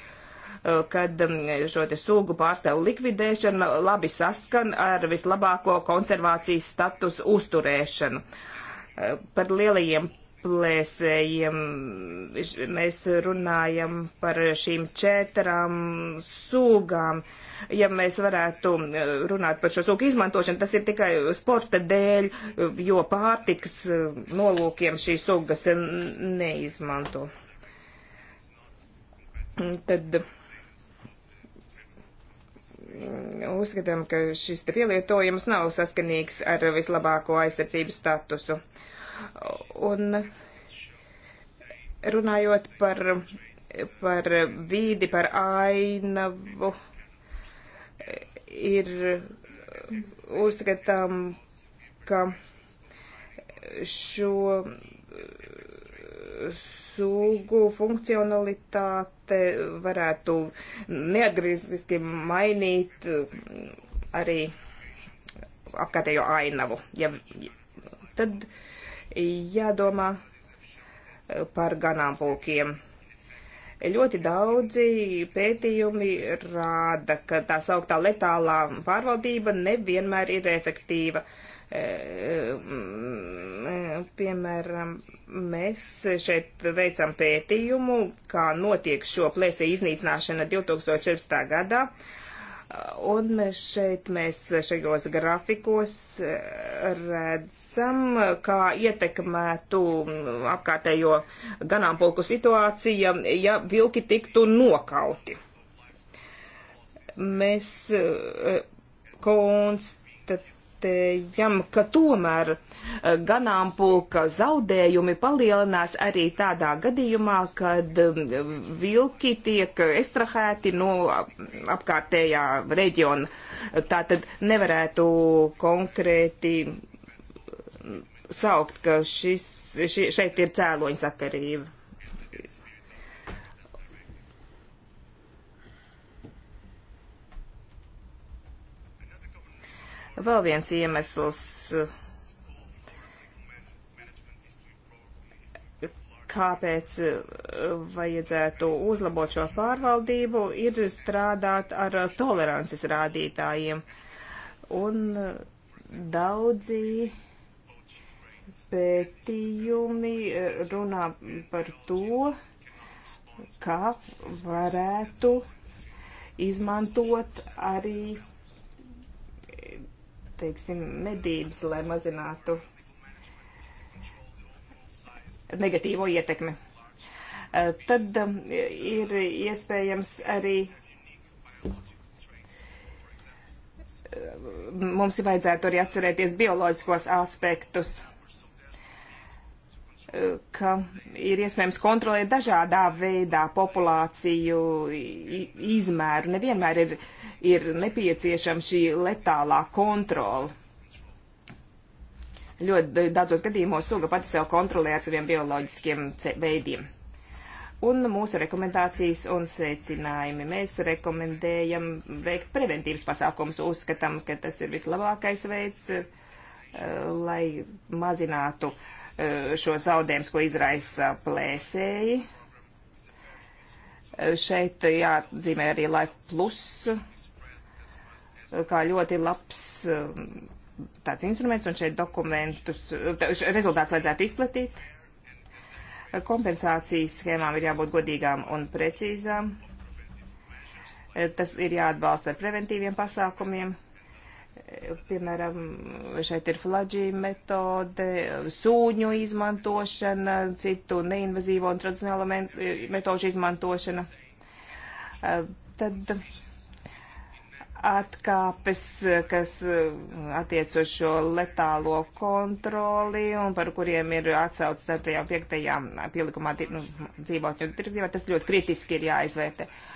S2: kad um, šo te sūgu pārstāvu likvidēšana labi saskan ar vislabāko konservācijas statusu uzturēšanu. Par lielajiem plēsējiem. Mēs runājam par šīm četrām sūgām. Ja mēs varētu runāt par šo sūku izmantošanu, tas ir tikai sporta dēļ, jo pārtiks nolūkiem šīs sūgas neizmanto. Tad uzskatām, ka šis pielietojums nav saskanīgs ar vislabāko aizsardzības statusu. Uh, Un runājot par, par vīdi, par ainavu, ir uzskatām, ka šo sugu funkcionalitāte varētu neatgrieztiski mainīt arī apkārtējo ainavu. Ja, tad uh, jādomā eh, par ganāmpulkiem. Ļoti daudzi pētījumi rāda, ka tā sauktā letālā pārvaldība nevienmēr ir efektīva. Eh, mm, eh, piemēram, mēs šeit veicam pētījumu, kā notiek šo plēsē iznīcināšana 2014. gadā Un šeit mēs šajos grafikos eh, redzam, kā ietekmētu apkārtējo ganāmpulku situācija, ja vilki tiktu nokauti. Mēs eh, konstatējam, konstatējam, ka tomēr eh, ganāmpulka zaudējumi palielinās arī tādā gadījumā, kad mm, vilki tiek estrahēti no apkārtējā reģiona. Tātad nevarētu konkrēti mm, saukt, ka šis, šeit ir cēloņa sakarība. Vēl viens iemesls, kāpēc eh, vajadzētu uzlabot šo pārvaldību, ir strādāt ar tolerances rādītājiem. Un eh, daudzi pētījumi eh, runā par to, kā varētu izmantot arī teiksim, medības, lai mazinātu negatīvo ietekmi. Eh, tad um, ir iespējams arī eh, mums ir vajadzētu arī atcerēties bioloģiskos aspektus ka ir iespējams kontrolēt dažādā veidā populāciju izmēru. Nevienmēr ir, ir nepieciešama šī letālā kontrola. Ļoti daudzos gadījumos suga pati sev kontrolē ar saviem bioloģiskiem veidiem. Un mūsu rekomendācijas un secinājumi. Mēs rekomendējam veikt preventīvas pasākumus, uzskatām, ka tas ir vislabākais veids, eh, lai mazinātu uh, Eh, šo zaudējumus, ko izraisa plēsēji. Eh, šeit jāatzīmē arī Life Plus eh, kā ļoti labs tāds instruments, un šeit dokumentus, rezultāts vajadzētu izplatīt. Kompensācijas schēmām ir jābūt godīgām un precīzām. Tas ir jāatbalsta ar preventīviem pasākumiem Piemēram, šeit ir flaģī metode, sūņu izmantošana, citu neinvazīvo un tradicionālo metožu izmantošana. Eh, tad atkāpes, kas eh, attiec uz šo letālo kontroli un par kuriem ir atsaucis 4. un 5. pielikumā nu, dzīvotņu direktīvā, tas ļoti kritiski ir jāizvērtē. Uh,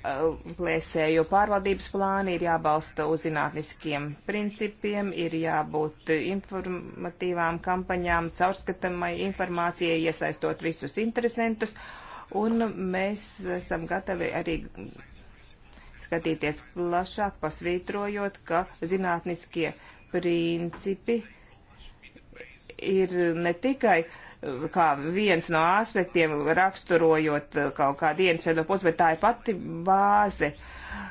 S2: Uh, plēsēju pārvaldības plāni ir jābalsta uz zinātniskiem principiem, ir jābūt informatīvām kampaņām, caurskatamai informācijai, iesaistot visus interesantus, un mēs esam gatavi arī skatīties plašāk, pasvītrojot, ka zinātniskie principi ir ne tikai uh, kā viens no aspektiem, raksturojot eh, kaut kādu ieņemšanu pusi, bet tā ir pati bāze.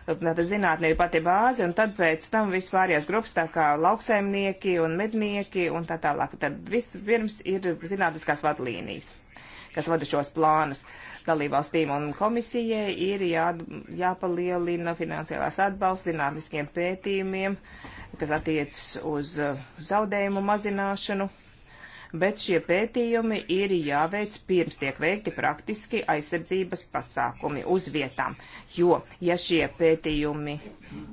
S2: Tātad zinātne ir pati bāze, un tad pēc tam vispārējās grupas, tā kā lauksaimnieki un mednieki un tā tālāk. Tad vispirms ir zinātniskās vadlīnijas, kas vada šos plānus. Dalībvalstīm un komisijai ir jā, jāpalielina finansiālās atbalsts zinātniskiem pētījumiem, kas attiec uz eh, zaudējumu mazināšanu. Uh, bet šie pētījumi ir jāveic pirms tiek veikti praktiski aizsardzības pasākumi uz vietām, jo, ja šie pētījumi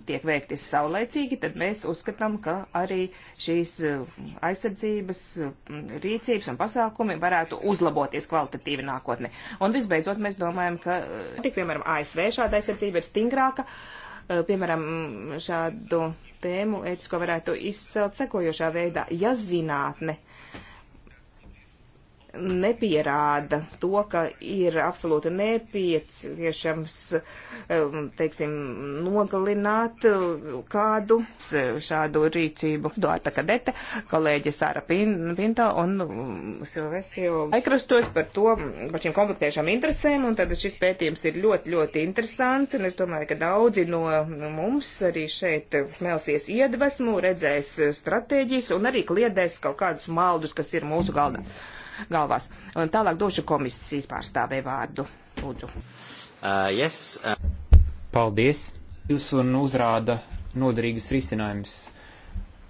S2: tiek veikti saulaicīgi, tad mēs uzskatām, ka arī šīs uh, aizsardzības mm, rīcības un pasākumi varētu uzlaboties kvalitatīvi nākotnē. Un visbeidzot, mēs domājam, ka uh, tik, piemēram, ASV šāda aizsardzība ir stingrāka, uh, piemēram, šādu tēmu ētisko varētu izcelt sekojošā veidā. Ja zinātne nepierāda to, ka ir absolūti nepieciešams, um, teiksim, nogalināt uh, kādu šādu rīcību. Dārta Kadete, kolēģi Sāra Pinto un um, Silvesio aikrastos par to, par šīm konfliktēšām interesēm, un tad šis pētījums ir ļoti, ļoti interesants, un es domāju, ka daudzi no mums arī šeit smelsies iedvesmu, redzēs uh, stratēģijas un arī kliedēs kaut kādus maldus, kas ir mūsu galdā. Mm galvās. Un tālāk došu komisijas pārstāvē vārdu. Lūdzu.
S3: Uh, yes, uh... Paldies. Jūs un uzrāda noderīgus risinājumus.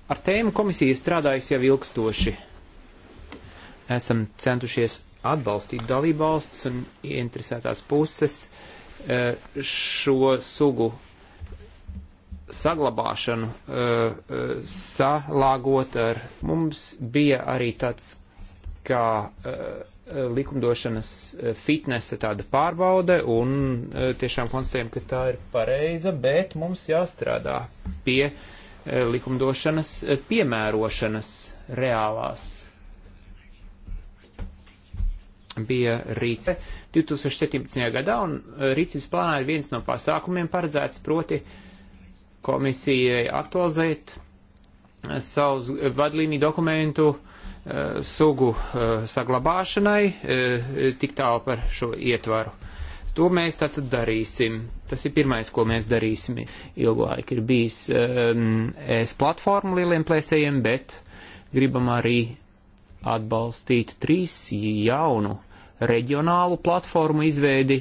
S3: Ar tēmu komisija strādājas jau ilgstoši. Esam centušies atbalstīt dalībvalsts un ieinteresētās puses uh, šo sugu saglabāšanu uh, uh, salāgot ar. Mums bija arī tāds kā uh, likumdošanas eh, fitnesa tāda pārbaude un uh, tiešām konstatējam, ka tā ir pareiza, bet mums jāstrādā pie uh, likumdošanas piemērošanas reālās. Bija rīce 2017. gadā un rīcības plānā ir viens no pasākumiem paredzēts proti komisijai aktualizēt savus vadlīniju dokumentu uh, sugu eh, saglabāšanai, eh, tik tālu par šo ietvaru. To mēs tātad darīsim. Tas ir pirmais, ko mēs darīsim. Ilglaik ir bijis um, es platforma lieliem plēsējiem, bet gribam arī atbalstīt trīs jaunu reģionālu platformu izveidi.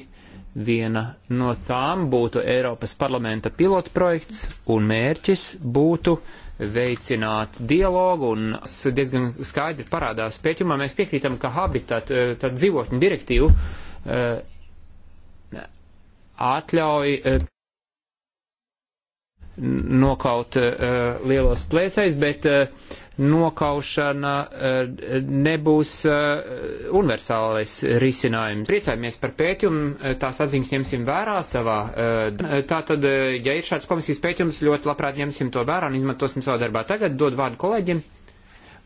S3: Viena no tām būtu Eiropas parlamenta pilotprojekts un mērķis būtu uh, veicināt dialogu, un tas diezgan skaidri parādās pētījumā. Mēs piekrītam, ka habitat, eh, tad dzīvotņu direktīvu eh, atļauj eh, nokaut uh, lielos plēsējus, bet uh, nokaušana uh, nebūs uh, universālais risinājums. Priecājamies par pētījumu, tās atziņas ņemsim vērā savā. Uh, Tātad, uh, ja ir šāds komisijas pētījums, ļoti labprāt ņemsim to vērā un izmantosim savā darbā. Tagad dod vārdu kolēģiem.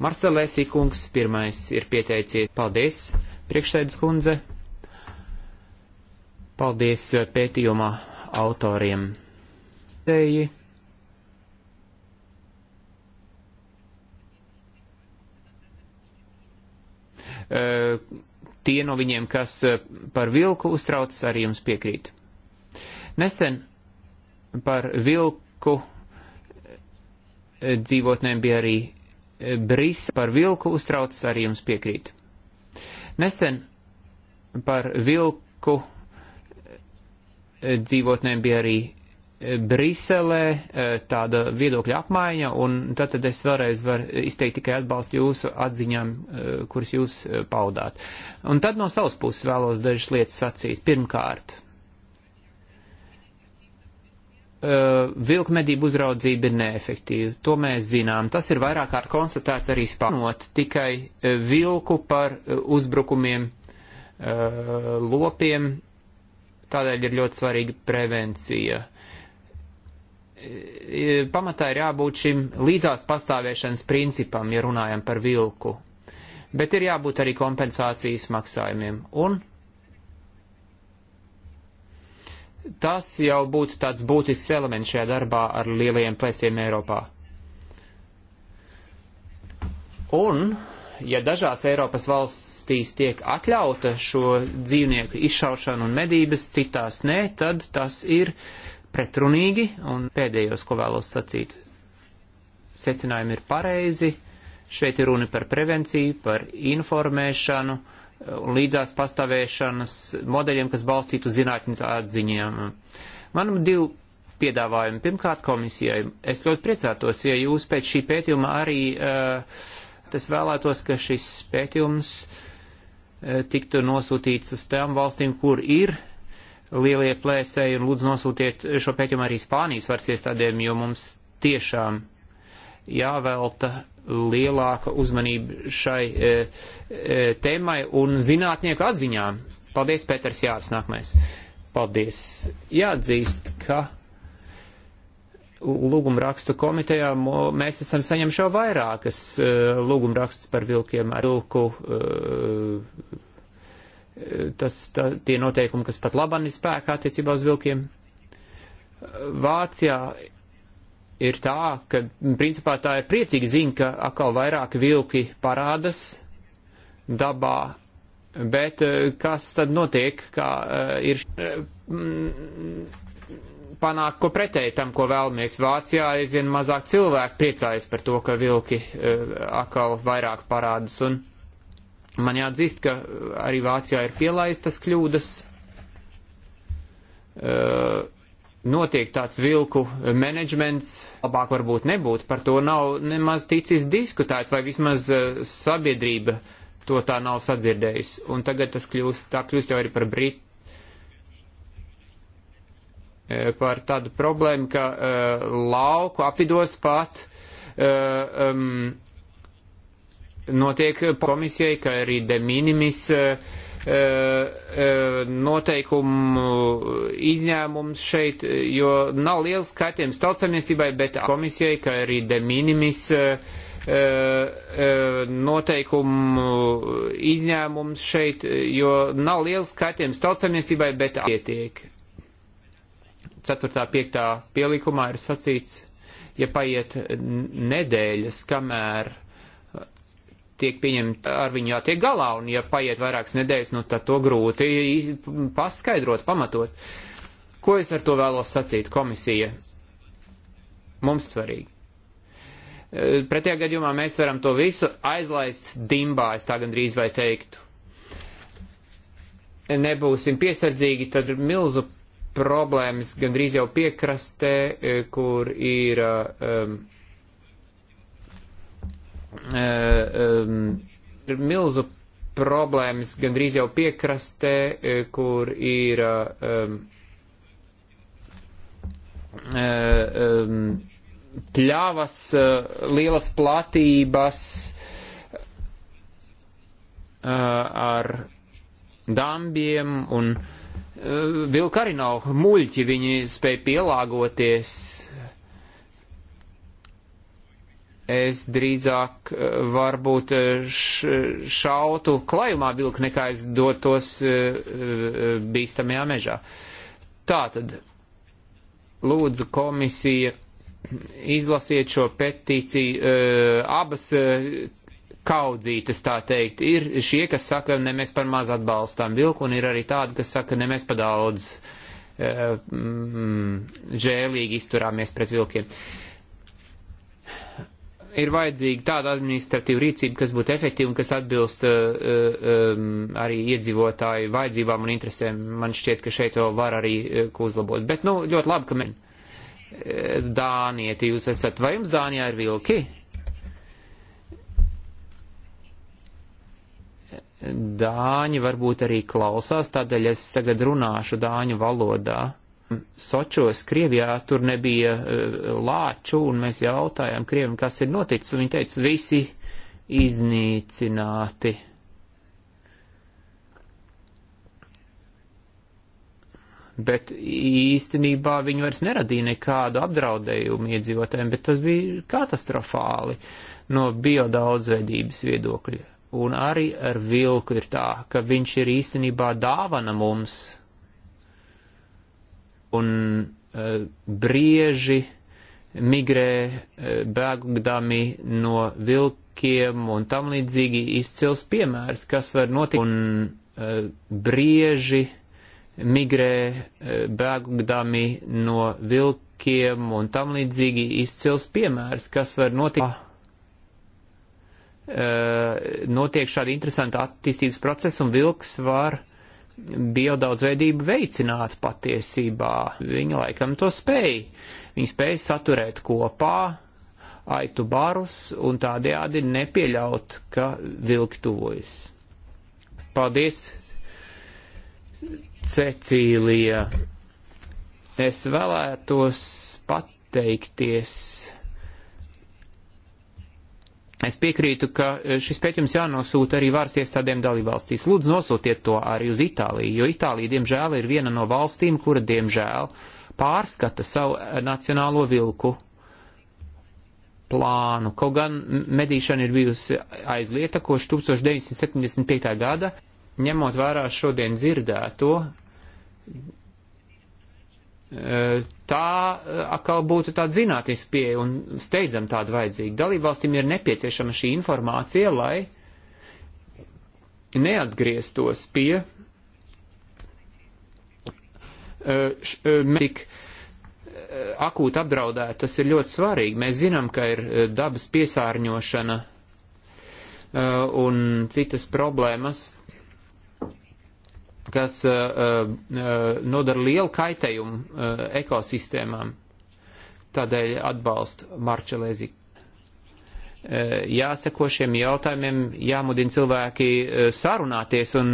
S3: Marcelēsī kungs pirmais ir pieteicies. Paldies, priekšsēdus kundze. Paldies pētījuma autoriem. Teji. Eh, tie no viņiem, kas eh, par vilku uztraucas, arī jums piekrīt. Nesen par vilku eh, dzīvotnēm bija arī bris, par vilku uztraucas, arī jums piekrīt. Nesen par vilku dzīvotnēm bija arī Briselē e, tāda viedokļa apmaiņa, un tad, tad es vēlreiz varu izteikt tikai atbalstu jūsu atziņām, e, kuras jūs e, paudāt. Un tad no savas puses vēlos dažas lietas sacīt. Pirmkārt, vilkmedību uzraudzība ir neefektīva. To mēs zinām. Tas ir vairāk kārt konstatēts arī spanot tikai vilku par uzbrukumiem, lopiem. Tādēļ ir ļoti svarīga prevencija E, pamatā ir jābūt šim līdzās pastāvēšanas principam, ja runājam par vilku. Bet ir jābūt arī kompensācijas maksājumiem. Un tas jau būtu tāds būtisks elements šajā darbā ar lielajiem plēsiem Eiropā. Un, ja dažās Eiropas valstīs tiek atļauta šo dzīvnieku izšaušana un medības, citās nē, tad tas ir pretrunīgi, un pēdējos, ko vēlos sacīt, secinājumi ir pareizi. Šeit ir runa par prevenciju, par informēšanu, līdzās pastāvēšanas modeļiem, kas balstītu uz zinātnes atziņām. Man divi piedāvājumi. Pirmkārt, komisijai. Es ļoti priecātos, ja jūs pēc šī pētījuma arī uh, tas vēlētos, ka šis pētījums uh, tiktu nosūtīts uz tām valstīm, kur ir lielie plēsēji un lūdzu nosūtiet šo pētījumu arī Spānijas varas iestādēm, jo mums tiešām jāvelta lielāka uzmanība šai e, e, tēmai un zinātnieku atziņām. Paldies, Pēters Jārs, nākamais. Paldies. Jāatzīst, ka lūguma rakstu komitejā mēs esam saņemšo vairākas e, lūguma rakstus par vilkiem ar vilku. E, tas, tā, tie noteikumi, kas pat labāk ir spēkā attiecībā uz vilkiem. Vācijā ir tā, ka principā tā ir priecīga ziņa, ka atkal vairāk vilki parādas dabā, bet eh, kas tad notiek, kā eh, ir mm, panākt ko pretēji tam, ko vēlamies. Vācijā aizvien mazāk cilvēku priecājas par to, ka vilki eh, atkal vairāk parādas. Un, Man jāatzīst, ka uh, arī Vācijā ir pielaistas kļūdas. Uh, notiek tāds vilku menedžments, labāk varbūt nebūtu, par to nav nemaz ticis diskutēts, vai vismaz uh, sabiedrība to tā nav sadzirdējusi. Un tagad tas kļūst, tā kļūst jau arī par Brit, uh, par tādu problēmu, ka uh, lauku apvidos pat uh, um, notiek komisijai, ka arī de minimis eh, eh, noteikumu izņēmums šeit, jo nav liels skatījums tautsamniecībai, bet komisijai, ka arī de minimis eh, noteikumu izņēmums šeit, jo nav liels skatījums tautsamniecībai, bet pietiek. 4.5. pielikumā ir sacīts, ja paiet nedēļas, kamēr tiek pieņemta, ar viņu jātiek galā, un ja paiet vairākas nedēļas, nu tad to grūti paskaidrot, pamatot. Ko es ar to vēlos sacīt, komisija? Mums svarīgi. E, pretējā gadījumā mēs varam to visu aizlaist dimbā, es tā gandrīz vai teiktu. Nebūsim piesardzīgi, tad milzu problēmas gandrīz jau piekrastē, e, kur ir um, Eh, ir milzu problēmas gandrīz jau piekrastē, eh, kur ir pļavas, eh, lielas platības ar dambiem un vilki arī nav muļķi, viņi spēj pielāgoties es drīzāk eh, varbūt eh, šautu klajumā vilku, nekā es dotos eh, bīstamajā mežā. Tātad, lūdzu komisija, izlasiet šo petīciju, abas kaudzītas, tā teikt. Ir šie, kas saka, ne mēs par maz atbalstām vilku, un ir arī tādi, kas saka, ne mēs par daudz žēlīgi izturāmies pret vilkiem. Uh, ir vajadzīga tāda administratīva rīcība, kas būtu efektīva un kas atbilst uh, uh, um, arī iedzīvotāju vajadzībām un interesēm. Man šķiet, ka šeit vēl var arī uh, ko uzlabot. Bet, nu, ļoti labi, ka mēs. Eh, Dānieti jūs esat, vai jums Dānijā ir vilki? Dāņi varbūt arī klausās, tādēļ es tagad runāšu dāņu valodā. Sočos, Krievijā, tur nebija eh, lāču, un mēs jautājām Krievim, kas ir noticis, un viņi teica, visi iznīcināti. Bet īstenībā viņi vairs neradīja nekādu apdraudējumu iedzīvotājiem, bet tas bija katastrofāli no biodaudzveidības viedokļa. Un arī ar vilku ir tā, ka viņš ir īstenībā dāvana mums un uh, brieži migrē uh, bēgdami no vilkiem un tam līdzīgi izcils piemērs, kas var notikt, un uh, brieži migrē uh, bēgdami no vilkiem un tam līdzīgi izcils piemērs, kas var notikt. Uh, notiek šādi interesanti attīstības procesi, un vilks var uh, biodaudzveidību veicināt patiesībā. Viņa laikam to spēja. Viņa spēja saturēt kopā aitu barus un tādējādi nepieļaut, ka vilki tuvojas. Paldies, Cecīlija! Es vēlētos pateikties Es piekrītu, ka e, šis pētījums jānosūta arī varas iestādēm dalībvalstīs. Lūdzu, nosūtiet to arī uz Itāliju, jo Itālija, diemžēl, ir viena no valstīm, kura, diemžēl, pārskata savu e, nacionālo vilku plānu. Kaut gan medīšana ir bijusi aizlieta kopš 1975. gada, ņemot vērā šodien dzirdēto, Eh, tā eh, atkal būtu tāda zinātniska pieeja un steidzam tādu vajadzīgu. Dalībvalstīm ir nepieciešama šī informācija, lai neatgrieztos pie tik eh, akūti apdraudēt. Tas ir ļoti svarīgi. Mēs zinām, ka ir dabas piesārņošana un citas problēmas kas uh, uh, nodara lielu kaitējumu uh, ekosistēmām. Tādēļ atbalsta Marčelēzi. Uh, jāseko šiem jautājumiem, jāmudina cilvēki uh, sarunāties un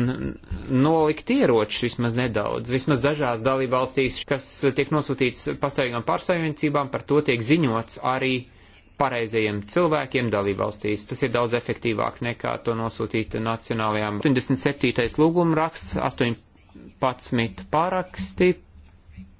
S3: nolikt ieročus vismaz nedaudz. Vismaz dažās dalībvalstīs, kas tiek nosūtīts pastāvīgām pārsaimniecībām, par to tiek ziņots arī uh, pareizajiem cilvēkiem dalībvalstīs. Tas ir daudz efektīvāk nekā to nosūtīt nacionālajām. 87. lūguma raksts, 18 paraksti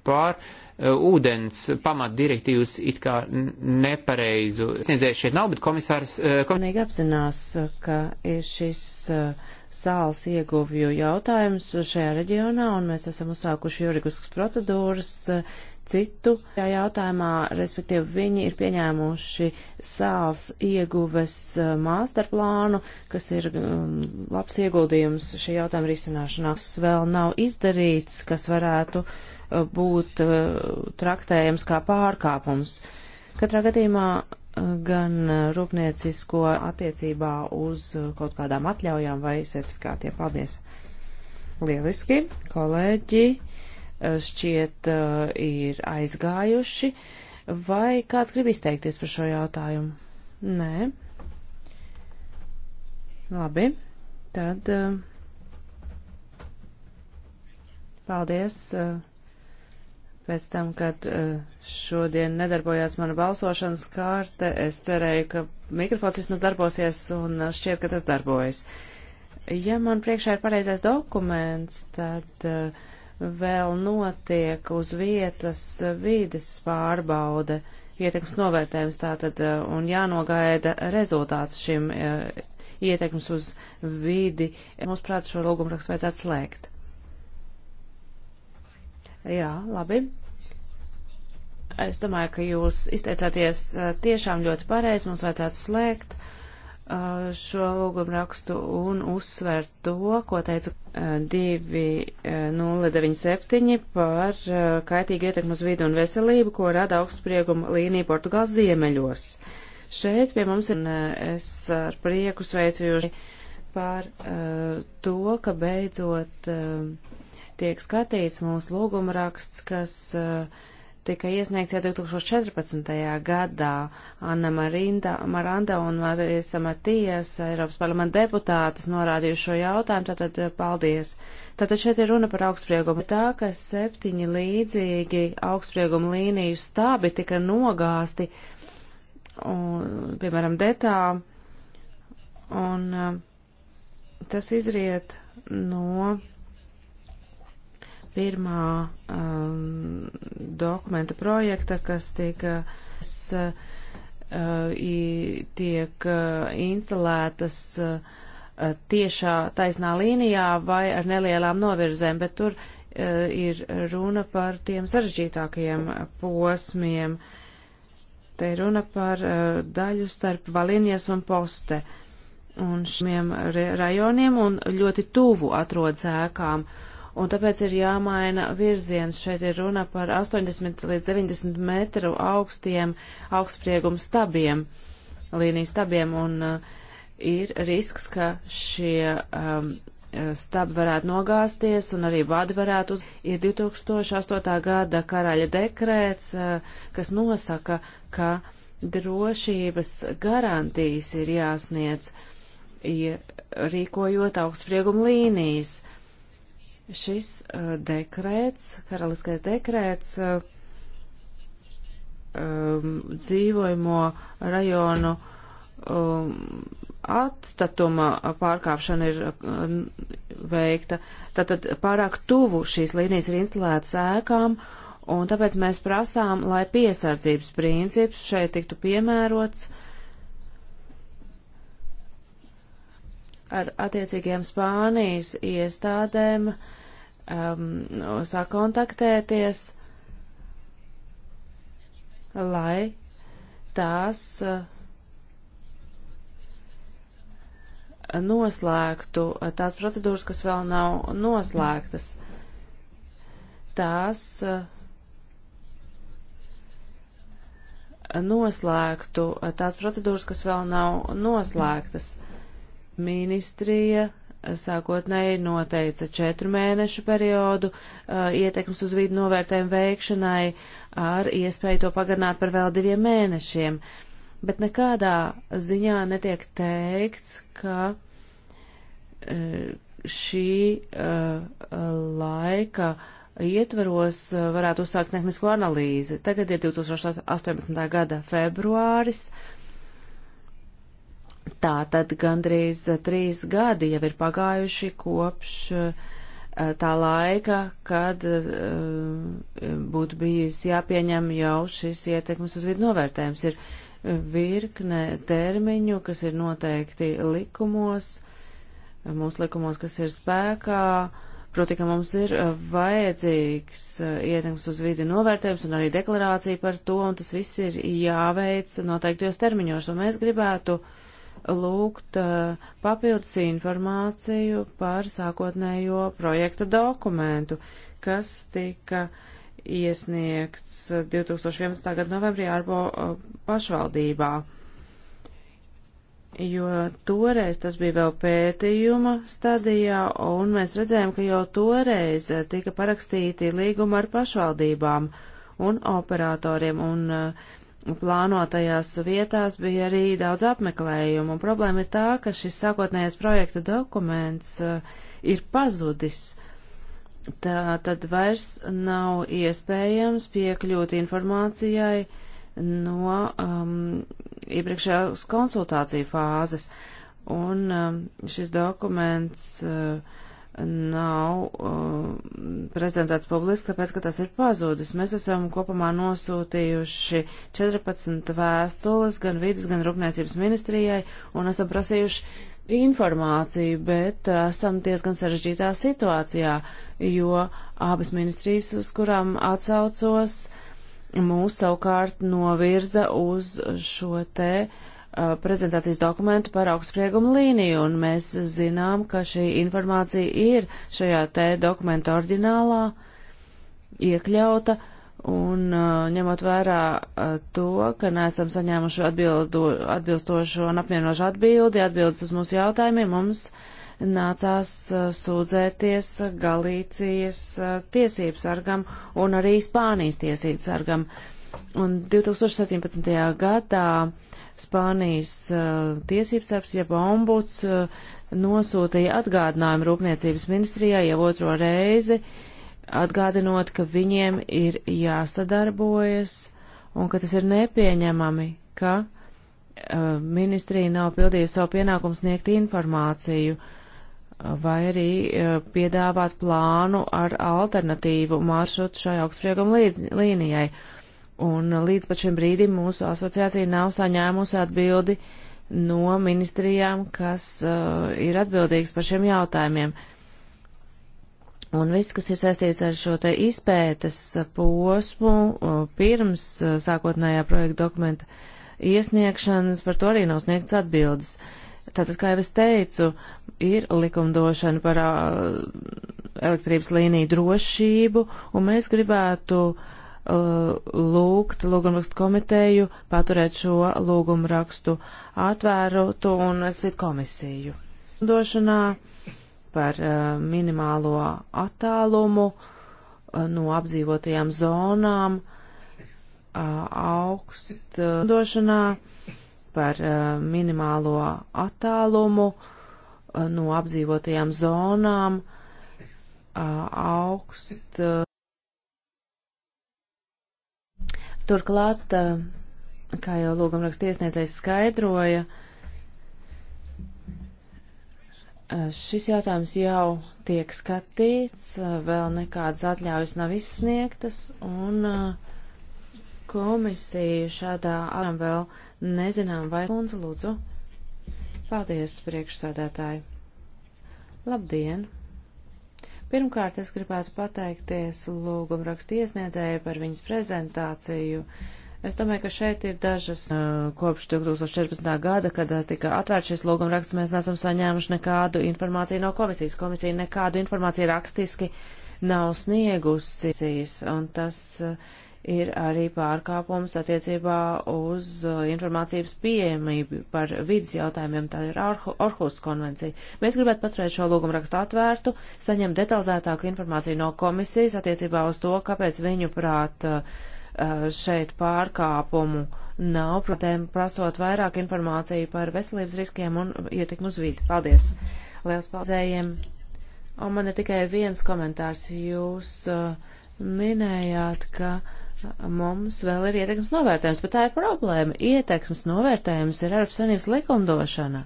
S3: pār uh, ūdens pamatdirektīvas it kā nepareizu. Sniedzēju šeit nav, bet komisārs.
S1: Uh, kom... apzinās, ka ir šis uh, sāls ieguvju jautājums šajā reģionā, un mēs esam uzsākuši juridiskas procedūras. Uh, citu šajā jautājumā, respektīvi viņi ir pieņēmuši sāls ieguves eh, masterplānu, kas ir um, labs ieguldījums šī jautājuma risināšanā. Tas vēl nav izdarīts, kas varētu uh, būt uh, traktējams kā pārkāpums. Katrā gadījumā uh, gan rūpniecisko attiecībā uz kaut kādām atļaujām vai certifikātiem. Paldies! Lieliski, kolēģi! Eh, šķiet eh, ir aizgājuši. Vai kāds grib izteikties par šo jautājumu? Nē. Labi. Tad. Eh, paldies. Pēc tam, kad šodien nedarbojās mana balsošanas kārte, es cerēju, ka mikrofons vismaz darbosies un šķiet, ka tas darbojas. Ja man priekšā ir pareizais dokuments, tad uh, vēl notiek uz vietas vīdes pārbaude, ietekmes novērtējums tātad, eh, un jānogaida rezultāts šim eh, ietekmes uz vidi. Mums prāt šo lūgumrakstu vajadzētu slēgt. Jā, labi. Es domāju, ka jūs izteicāties eh, tiešām ļoti pareizi, mums vajadzētu slēgt. Uh, Uh, šo lūgumu rakstu un uzsver to, ko teica 2097 uh, uh, par kaitīgu ietekmu uz vidu un veselību, ko rada augstsprieguma līnija Portugāls ziemeļos. Šeit pie mums ir, es ar prieku sveicujuši par uh, to, ka beidzot uh, tiek skatīts mūsu lūguma raksts, kas uh, tika iesniegts jau 2014. gadā Anna Marinda, Maranda un Marisa Matijas, Eiropas parlamenta deputātes, norādījuši šo jautājumu, tātad paldies. Tātad šeit ir runa par augstspriegumu. Tā, ka septiņi līdzīgi augstspriegumu līniju stābi tika nogāsti, un, piemēram, detā, un uh, tas izriet no pirmā um, dokumenta projekta, kas tika kas, uh, i, tiek uh, instalētas uh, tiešā taisnā līnijā vai ar nelielām novirzēm, bet tur uh, ir runa par tiem sarežģītākajiem posmiem. Te ir runa par uh, daļu starp Valinies un Poste un šiem rajoniem un ļoti tuvu atrodas ēkām. Uh, un tāpēc ir jāmaina virziens. Šeit ir runa par 80 līdz 90 metru augstiem augstsprieguma stabiem, līnijas stabiem, un uh, ir risks, ka šie um, stabi varētu nogāzties un arī vadi varētu uz. Ir 2008. gada karaļa dekrēts, uh, kas nosaka, ka drošības garantijas ir jāsniedz, rīkojot augstsprieguma līnijas. Uh, Šis uh, dekrēts, karaliskais dekrēts, uh, um, dzīvojamo rajonu um, atstatuma pārkāpšana ir um, veikta. Tātad pārāk tuvu šīs līnijas ir instalētas ēkām, un tāpēc mēs prasām, lai piesardzības princips šeit tiktu piemērots ar attiecīgiem Spānijas iestādēm. Uh, um, sakontaktēties, lai tās uh, noslēgtu, uh, tās procedūras, kas vēl nav noslēgtas, tās uh, noslēgtu, uh, tās procedūras, kas vēl nav noslēgtas. Ministrija sākotnēji noteica četru mēnešu periodu uh, ietekmes uz vidu novērtējumu veikšanai ar iespēju to pagarināt par vēl diviem mēnešiem. Bet nekādā ziņā netiek teikts, ka uh, šī uh, laika ietvaros uh, varētu uzsākt tehnisko analīzi. Tagad ir 2018. gada februāris. Uh, Tā tad gandrīz eh, trīs gadi jau ir pagājuši kopš eh, tā laika, kad eh, būtu bijis jāpieņem jau šis ietekmes uz vidu novērtējums. Ir virkne termiņu, kas ir noteikti likumos, mūsu likumos, kas ir spēkā. Proti, ka mums ir vajadzīgs ietekmes uz vidi novērtējums un arī deklarācija par to, un tas viss ir jāveic noteiktos termiņos, un mēs gribētu uh, lūgt uh, papildus informāciju par sākotnējo projekta dokumentu, kas tika iesniegts 2011. gada novembrī Arbo uh, pašvaldībā. Jo toreiz tas bija vēl pētījuma stadijā, un mēs redzējām, ka jau toreiz tika parakstīti līguma ar pašvaldībām un operatoriem, un uh, plānotajās vietās bija arī daudz apmeklējumu, un problēma ir tā, ka šis sākotnējais projekta dokuments uh, ir pazudis. Tā tad vairs nav iespējams piekļūt informācijai no um, iepriekšējās konsultāciju fāzes, un um, šis dokuments uh, nav uh, prezentēts publiski, tāpēc, ka tas ir pazudis. Mēs esam kopumā nosūtījuši 14 vēstules gan vidas, gan rūpniecības ministrijai un esam prasījuši informāciju, bet uh, esam diezgan sarežģītā situācijā, jo abas ministrijas, uz kurām atsaucos, mūs savukārt novirza uz šo te uh, Uh, prezentācijas dokumentu par augstsprieguma līniju, un mēs zinām, ka šī informācija ir šajā te dokumenta orģinālā iekļauta, un uh, ņemot vērā uh, to, ka neesam saņēmuši atbildu, atbilstošu un apmienošu atbildi, atbildes uz mūsu jautājumiem, mums nācās sūdzēties Galīcijas tiesības sargam un arī Spānijas tiesības sargam. Un 2017. gadā Spānijas uh, tiesībsarps, jeb ombuds, uh, nosūtīja atgādinājumu Rūpniecības ministrijai jau otro reizi, atgādinot, ka viņiem ir jāsadarbojas un ka tas ir nepieņemami, ka uh, ministrija nav pildījusi savu pienākumu sniegt informāciju uh, vai arī uh, piedāvāt plānu ar alternatīvu maršrutu šai augstsprieguma līnijai. Uh, Un līdz pat šim brīdim mūsu asociācija nav saņēmusi atbildi no ministrijām, kas uh, ir atbildīgas par šiem jautājumiem. Un viss, kas ir saistīts ar šo te izpētes posmu uh, pirms uh, sākotnējā projekta dokumenta iesniegšanas, par to arī nav sniegts atbildes. Tātad, kā jau es teicu, ir likumdošana par uh, elektrības līniju drošību, un mēs gribētu uh, Uh, lūgt lūgumrakstu komiteju paturēt šo lūgumrakstu atvērtu un sit komisiju. Došanā par uh, minimālo attālumu uh, no apdzīvotajām zonām augst došanā par minimālo attālumu no apdzīvotajām zonām augst Turklāt, kā jau lūgumraksta iesniedzējs skaidroja, šis jautājums jau tiek skatīts, vēl nekādas atļaujas nav izsniegtas, un komisija šādā ārām vēl nezinām, vai kundze lūdzu. Paldies, priekšsādātāji. Labdien! Pirmkārt, es gribētu pateikties lūguma rakstu iesniedzēju par viņas prezentāciju. Es domāju, ka šeit ir dažas kopš 2014. gada, kad tika atvērts šis lūguma raksts, mēs nesam saņēmuši nekādu informāciju no komisijas. Komisija nekādu informāciju rakstiski nav sniegusi, un tas uh, ir arī pārkāpums attiecībā uz uh, informācijas pieejamību par vidas jautājumiem, tā ir Orhus konvencija. Mēs gribētu paturēt šo lūgumu rakstu atvērtu, saņemt detalizētāku informāciju no komisijas attiecībā uz to, kāpēc viņu prāt uh, uh, šeit pārkāpumu nav, protēm prasot vairāk informāciju par veselības riskiem un ietekmu uz vidi. Paldies! Liels paldies! Un man ir tikai viens komentārs. Jūs uh, minējāt, ka uh, mums vēl ir ietekmes novērtējums, bet tā ir problēma. Ietekmes novērtējums ir Eiropas Savienības likumdošana.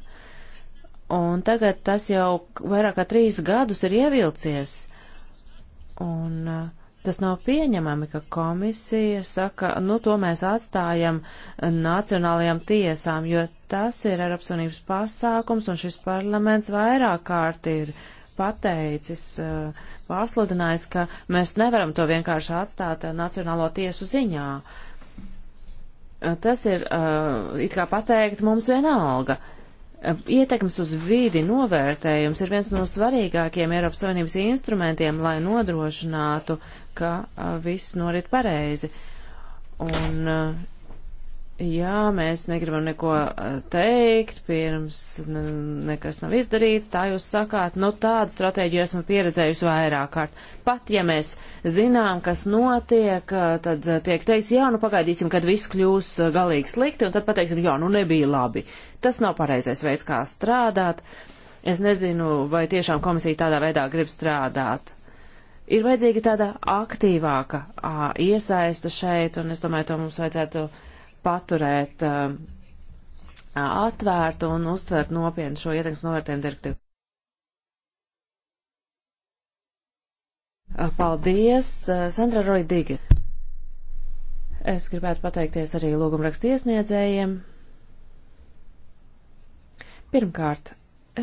S1: Un tagad tas jau vairāk kā trīs gadus ir ievilcies. Un uh, tas nav pieņemami, ka komisija saka, nu to mēs atstājam nacionālajām tiesām, jo tas ir Eiropas Savienības pasākums, un šis parlaments vairāk kārt ir pateicis, eh, pārsludinājis, ka mēs nevaram to vienkārši atstāt eh, Nacionālo tiesu ziņā. Eh, tas ir it kā pateikt mums vienalga. Ietekmes uz vidi novērtējums ir viens no svarīgākiem Eiropas Savienības instrumentiem, lai nodrošinātu, ka viss norit pareizi. Un Jā, mēs negribam neko teikt, pirms nekas nav izdarīts, tā jūs sakāt, nu tādu stratēģiju esmu pieredzējusi vairāk kārt. Pat ja mēs zinām, kas notiek, tad tiek teikts, jā, nu pagaidīsim, kad viss kļūs galīgi slikti, un tad pateiksim, jā, nu nebija labi. Tas nav pareizais veids, kā strādāt. Es nezinu, vai tiešām komisija tādā veidā grib strādāt ir vajadzīga tāda aktīvāka ā, iesaista šeit, un es domāju, to mums vajadzētu paturēt uh, atvērtu un uztvert nopietnu šo ietekmes novērtējumu direktīvu. Uh, paldies, uh, Sandra Roidīgi. Es gribētu pateikties arī lūgumrakstu iesniedzējiem. Pirmkārt,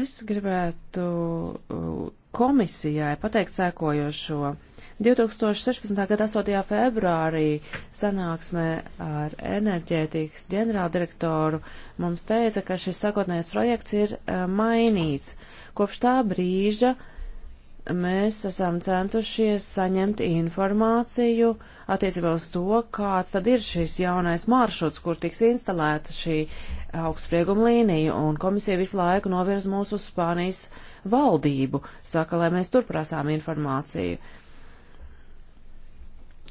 S1: es gribētu uh, komisijai pateikt sēkojošo. 2016. gada 8. februārī sanāksmē ar enerģētikas ģenerāldirektoru mums teica, ka šis sakotnējais projekts ir e, mainīts. Kopš tā brīža mēs esam centušies saņemt informāciju attiecībā uz to, kāds tad ir šis jaunais maršruts, kur tiks instalēta šī augstsprieguma līnija, un komisija visu laiku novirz mūsu uz Spānijas valdību, saka, lai mēs tur prasām informāciju. Uh,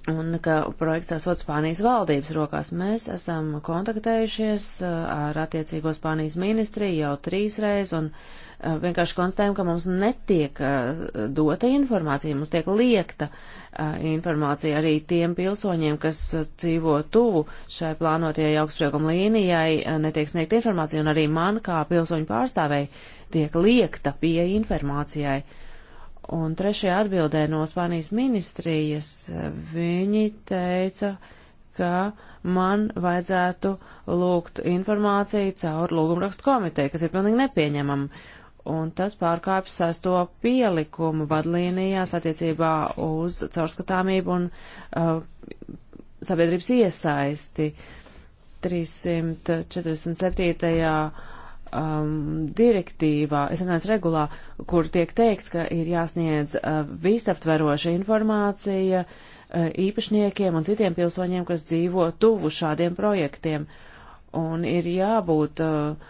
S1: un ka projekts esot Spānijas valdības rokās. Mēs esam kontaktējušies uh, ar attiecīgo Spānijas ministriju jau trīs reizes un uh, vienkārši konstatējam, ka mums netiek uh, dota informācija, mums tiek liekta informācija arī tiem pilsoņiem, kas dzīvo tuvu šai plānotajai augstsprieguma līnijai, netiek sniegt informācija un arī man kā pilsoņu pārstāvēji tiek liekta pie informācijai. Uh, Un trešajā atbildē no Spānijas ministrijas eh, viņi teica, ka man vajadzētu lūgt informāciju caur lūgumrakstu komiteju, kas ir pilnīgi nepieņemama. Un tas pārkāpj sesto pielikumu vadlīnijās attiecībā uz caurskatāmību un uh, sabiedrības iesaisti. 347 um, direktīvā, es nezinu, regulā, kur tiek teikts, ka ir jāsniedz uh, visaptveroša informācija uh, īpašniekiem un citiem pilsoņiem, kas dzīvo tuvu šādiem projektiem. Un ir jābūt uh,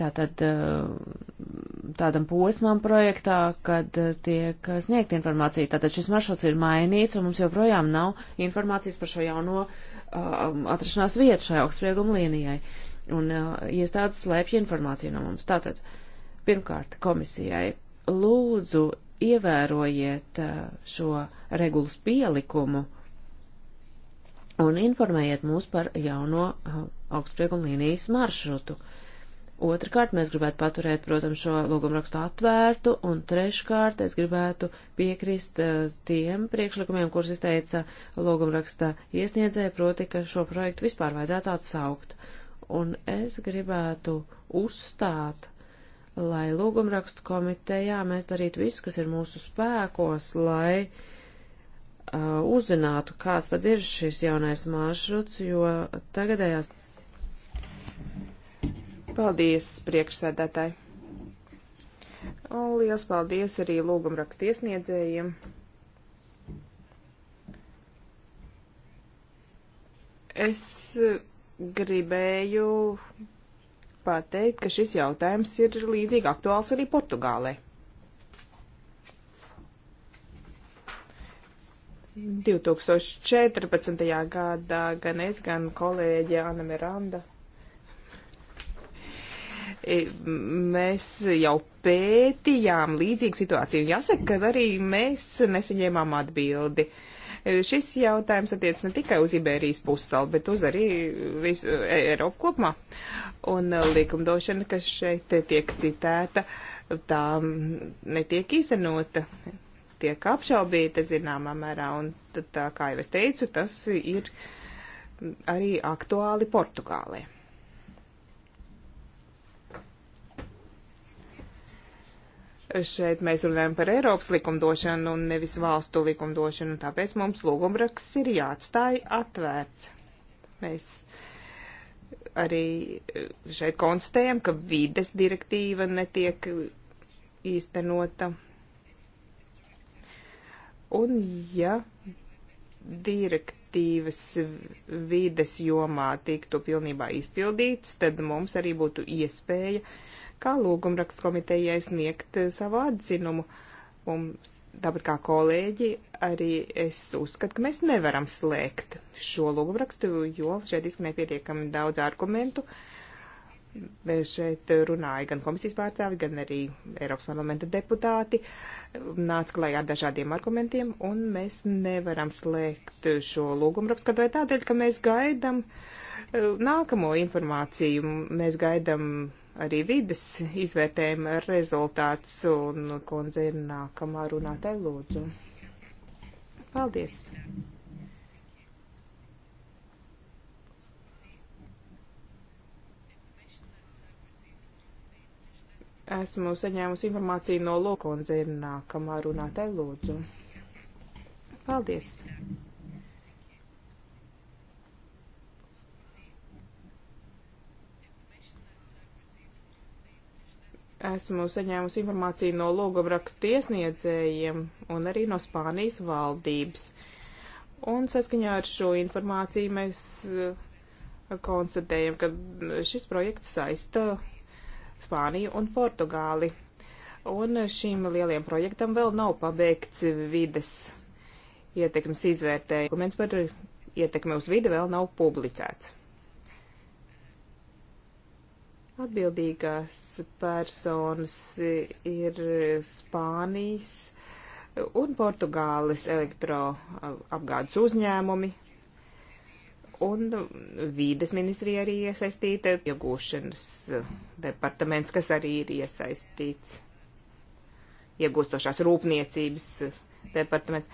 S1: tātad uh, tādam posmam projektā, kad uh, tiek sniegt informācija. Tātad šis maršruts ir mainīts un mums joprojām nav informācijas par šo jauno uh, atrašanās vietu šai augstsprieguma līnijai. Uh, un uh, iestādes slēpj informāciju no mums. Tātad, pirmkārt, komisijai lūdzu ievērojiet uh, šo regulas pielikumu un informējiet mūs par jauno uh, augstprieguma līnijas maršrutu. Otrakārt, mēs gribētu paturēt, protams, šo lūgumrakstu atvērtu, un treškārt, es gribētu piekrist uh, tiem priekšlikumiem, kurus izteica lūgumraksta iesniedzēja, proti, ka šo projektu vispār vajadzētu atsaukt. Uh, un es gribētu uzstāt, lai lūgumrakstu komitejā mēs darītu visu, kas ir mūsu spēkos, lai uh, uzzinātu, kāds tad ir šis jaunais maršruts, jo tagadējās. Paldies,
S2: priekšsēdētāji! Un liels paldies arī lūgumrakstu iesniedzējiem! es gribēju pateikt, ka šis jautājums ir līdzīgi aktuāls arī Portugālē. 2014. gadā gan es, gan kolēģi Anna Miranda. E, mēs jau pētījām līdzīgu situāciju. Jāsaka, ka arī mēs nesaņēmām atbildi. Uh, Šis jautājums attiec ne tikai uz Iberijas pussalu, bet uz arī visu e, Eiropu kopumā. Un e, likumdošana, kas šeit tiek citēta, tā netiek īstenota tiek apšaubīta zināmā mērā, un tad, tā, kā jau es teicu, tas ir arī aktuāli Portugālē. Šeit mēs runājam par Eiropas likumdošanu un nevis valstu likumdošanu, un tāpēc mums lūgumraksts ir jāatstāj atvērts. Mēs arī šeit konstatējam, ka vides direktīva netiek īstenota. Un ja direktīvas vides jomā tiktu pilnībā izpildīts, tad mums arī būtu iespēja uh, kā lūgumrakstu komitejai sniegt savu atzinumu. Un tāpat kā kolēģi, arī es uzskatu, ka mēs nevaram slēgt šo lūgumrakstu, jo šeit izskanēja pietiekami daudz argumentu. Šeit runāja gan komisijas pārstāvi, gan arī Eiropas parlamenta deputāti. Nāca klajā ar dažādiem argumentiem, un mēs nevaram slēgt šo lūgumrakstu, kad vai tādēļ, ka mēs gaidam eh, nākamo informāciju. Mēs gaidam arī vides izvērtējuma rezultāts, un kundze ir nākamā runātāja lūdzu. Paldies! Esmu saņēmusi informāciju no Lokundze ir nākamā runātāja lūdzu. Paldies! esmu saņēmusi informāciju no lūgumrakstu iesniedzējiem un arī no Spānijas valdības. Un saskaņā ar šo informāciju mēs uh, konstatējam, ka šis projekts saista Spāniju un Portugāli. Un šim lieliem projektam vēl nav pabeigts vides ietekmes izvērtējums. Dokuments par ietekmi uz vidi vēl nav publicēts. Atbildīgās personas ir Spānijas un Portugāles elektroapgādes uzņēmumi, un vīdes ministrija arī iesaistīta, iegūšanas departaments, kas arī ir iesaistīts iegūstošās rūpniecības departaments.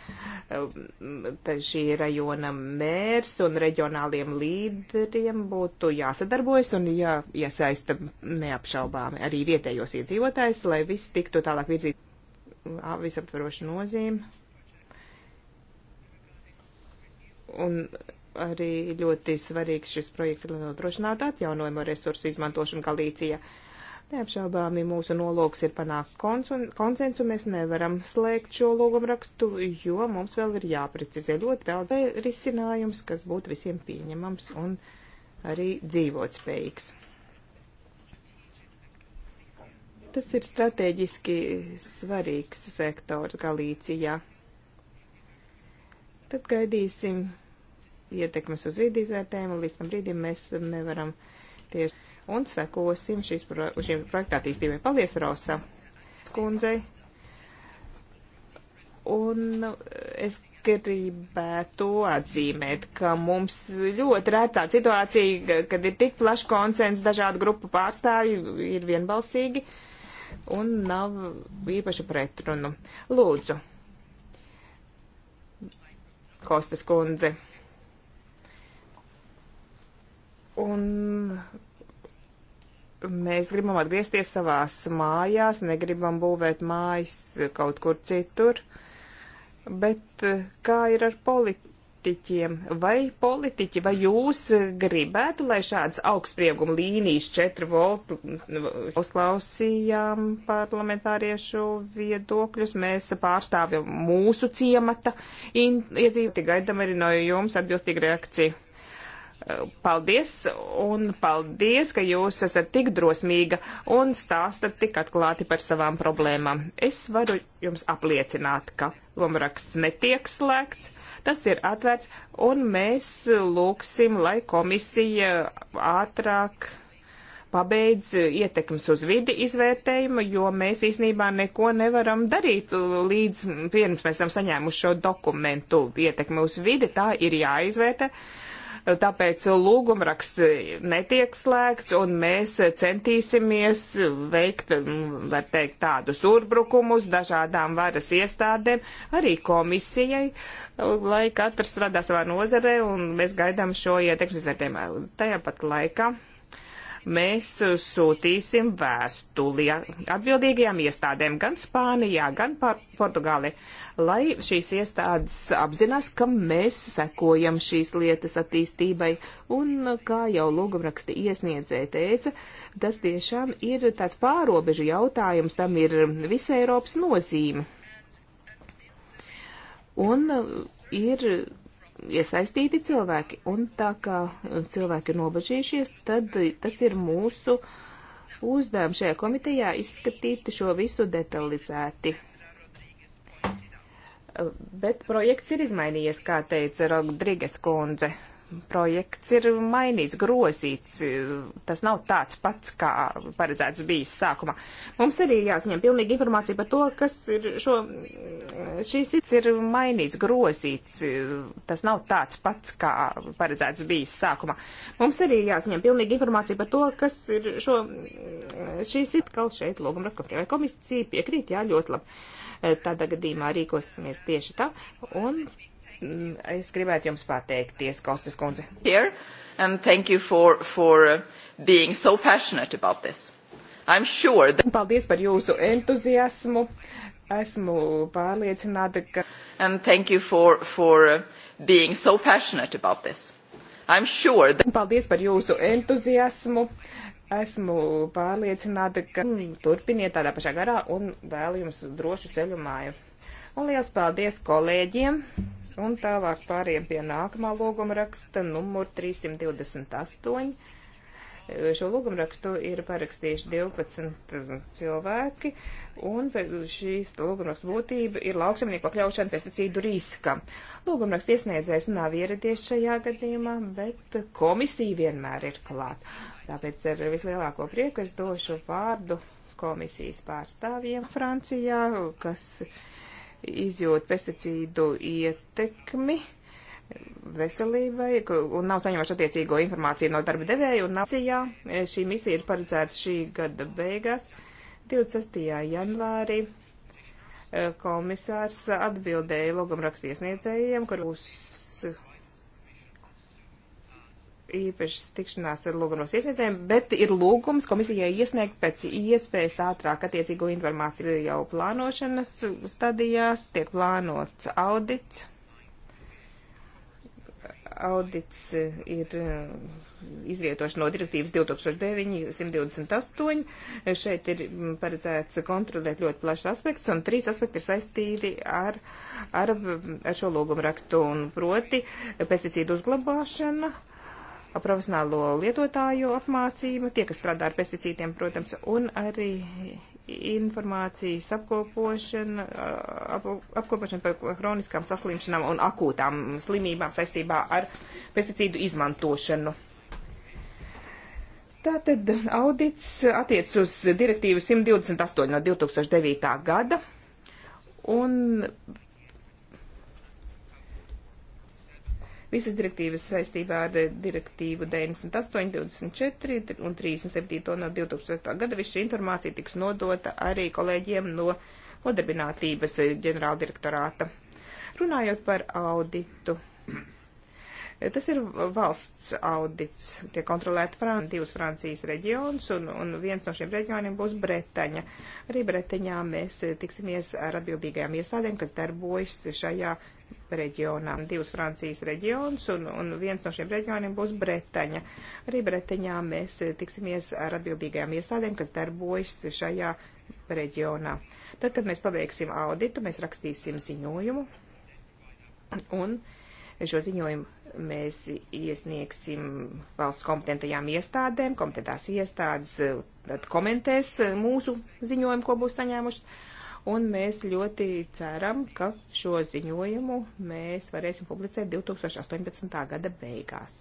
S2: Tā šī rajona mērs un reģionāliem līderiem būtu jāsadarbojas un jā, jāsaista neapšaubāmi arī vietējos iedzīvotājs, lai viss tiktu tālāk virzīt visaptvarošu nozīmi. Un arī ļoti svarīgs šis projekts, lai nodrošinātu atjaunojumu resursu izmantošanu Galīcijā. Uh, Neapšaubāmi mūsu nolūks ir panākt konsensu, mēs nevaram slēgt šo logumrakstu, jo mums vēl ir jāprecizē ļoti daudz risinājums, kas būtu visiem pieņemams un arī dzīvotspējīgs. Tas ir strateģiski svarīgs sektors Galīcijā. Tad gaidīsim ietekmes uz vidi izvērtējumu, līdz tam brīdim mēs nevaram tieši un sekosim šīs, pro, šīm projektā attīstībai. Paldies, Rosa kundzei. Un es gribētu atzīmēt, ka mums ļoti rētā situācija, kad ir tik plašs konsens dažādu grupu pārstāvju, ir vienbalsīgi un nav īpaši pretrunu. Lūdzu, Kostas kundze. Un mēs gribam atgriezties savās mājās, negribam būvēt mājas kaut kur citur. Bet eh, kā ir ar politiķiem? Vai politiķi, vai jūs gribētu, lai šāds augstsprieguma līnijas 4 voltu uzklausījām parlamentāriešu viedokļus? Mēs pārstāvjam mūsu ciemata iedzīvotāju, gaidam arī no jums atbilstīgu reakciju. Paldies, un paldies, ka jūs esat tik drosmīga un stāstat tik atklāti par savām problēmām. Es varu jums apliecināt, ka lomraksts netiek slēgts, tas ir atvērts, un mēs lūksim, lai komisija ātrāk pabeidz ietekmes uz vidi izvērtējumu, jo mēs īsnībā neko nevaram darīt līdz pirms mēs esam saņēmuši šo dokumentu ietekmi uz vidi, tā ir jāizvērtē tāpēc lūgumraksts netiek slēgts, un mēs centīsimies veikt, nu, var teikt, tādus uzbrukumus dažādām varas iestādēm, arī komisijai, lai katrs strādā savā nozarē, un mēs gaidām šo ietekmes vērtējumu. Tajā pat laikā mēs uh, sūtīsim vēstuli atbildīgajām iestādēm gan Spānijā, gan Portugālē, lai šīs iestādes apzinās, ka mēs sekojam šīs lietas attīstībai. Un, uh, kā jau lūgumraksti iesniedzēja teica, tas tiešām ir tāds pārobežu jautājums, tam ir visa Eiropas nozīme. Un uh, ir iesaistīti cilvēki. Un tā kā cilvēki ir nobežījušies, tad tas ir mūsu uzdevums šajā komitejā izskatīt šo visu detalizēti. Bet projekts ir izmainījies, kā teica Rodrigas kundze projekts ir mainīts, grozīts. Tas nav tāds pats, kā paredzēts bijis sākumā. Mums arī jāsaņem pilnīgi informācija par to, kas ir šo, šīs cits ir mainīts, grozīts. Tas nav tāds pats, kā paredzēts bijis sākumā. Mums arī jāsaņem pilnīgi informācija par to, kas ir šo, šīs cits, kaut šeit lūgum Ratkovkai vai komisija piekrīt, jā, ļoti labi. Tādā gadījumā rīkosimies tieši tā. Un Mm, es gribētu jums pateikties, Kostas kundze. Here, and thank you for, for uh, being so passionate about this. I'm sure that... Paldies par jūsu entuziasmu. Esmu pārliecināta, ka... And thank you for, for uh, being so passionate about this. I'm sure that... Paldies par jūsu entuziasmu. Esmu pārliecināta, ka mm, turpiniet tādā pašā garā un vēlu jums drošu ceļu māju. Un liels paldies kolēģiem! Un tālāk pāriem pie nākamā lūguma raksta numur 328. Šo lūgumu rakstu ir parakstījuši 12 eh, cilvēki, un šīs lūgumrakstu būtība ir lauksamnieku pakļaušana pesticīdu riskam. Lūgumrakstu iesniedzējs nav ieradies šajā gadījumā, bet komisija vienmēr ir klāt. Tāpēc ar vislielāko prieku es došu vārdu komisijas pārstāvjiem Francijā, kas izjūt pesticīdu ietekmi veselībai un nav saņemuši attiecīgo informāciju no darba devēja un nācijā. E, šī misija ir paredzēta šī gada beigās, 26. janvārī. E, komisārs atbildēja logumrakstiesniedzējiem, kur būs īpašas tikšanās ar lūgumos iesniedzējiem, bet ir lūgums komisijai iesniegt pēc iespējas ātrāk attiecīgo informāciju jau plānošanas stadijās, tiek plānots audits. Audits ir uh, izvietoši no direktīvas 2009-128. Šeit ir mm, paredzēts kontrolēt ļoti plašs aspekts, un trīs aspekti ir saistīti ar, ar, ar šo lūgumu rakstu, un proti pesticīdu uzglabāšana, uh, profesionālo lietotāju apmācību, tie, kas strādā ar pesticītiem, protams, un arī informācijas apkopošana, ap, apkopošana par hroniskām saslimšanām un akūtām slimībām saistībā ar pesticīdu izmantošanu. Tātad audits attiec uz direktīvu 128 no 2009. gada, un visas direktīvas saistībā ar eh, direktīvu 98, 24 un 37 no 2008. gada. Viss šī informācija tiks nodota arī kolēģiem no nodarbinātības eh, ģenerāldirektorāta. Runājot par auditu. Eh, tas ir valsts audits, tiek kontrolēta Fran divas Francijas reģionus, un, un viens no šiem reģioniem būs Bretaņa. Arī Bretaņā mēs tiksimies ar atbildīgajām iestādēm, kas darbojas šajā reģionām, divus Francijas reģionus, un, un viens no šiem reģioniem būs Bretaņa. Arī Bretaņā mēs tiksimies ar atbildīgajām iestādēm, kas darbojas šajā reģionā. Tad, kad mēs pabeigsim auditu, mēs rakstīsim ziņojumu, un šo ziņojumu mēs iesniegsim valsts kompetentajām iestādēm, kompetentās iestādes eh, tad komentēs eh, mūsu ziņojumu, ko būs saņēmušas un mēs ļoti ceram, ka šo ziņojumu mēs varēsim publicēt 2018. gada beigās.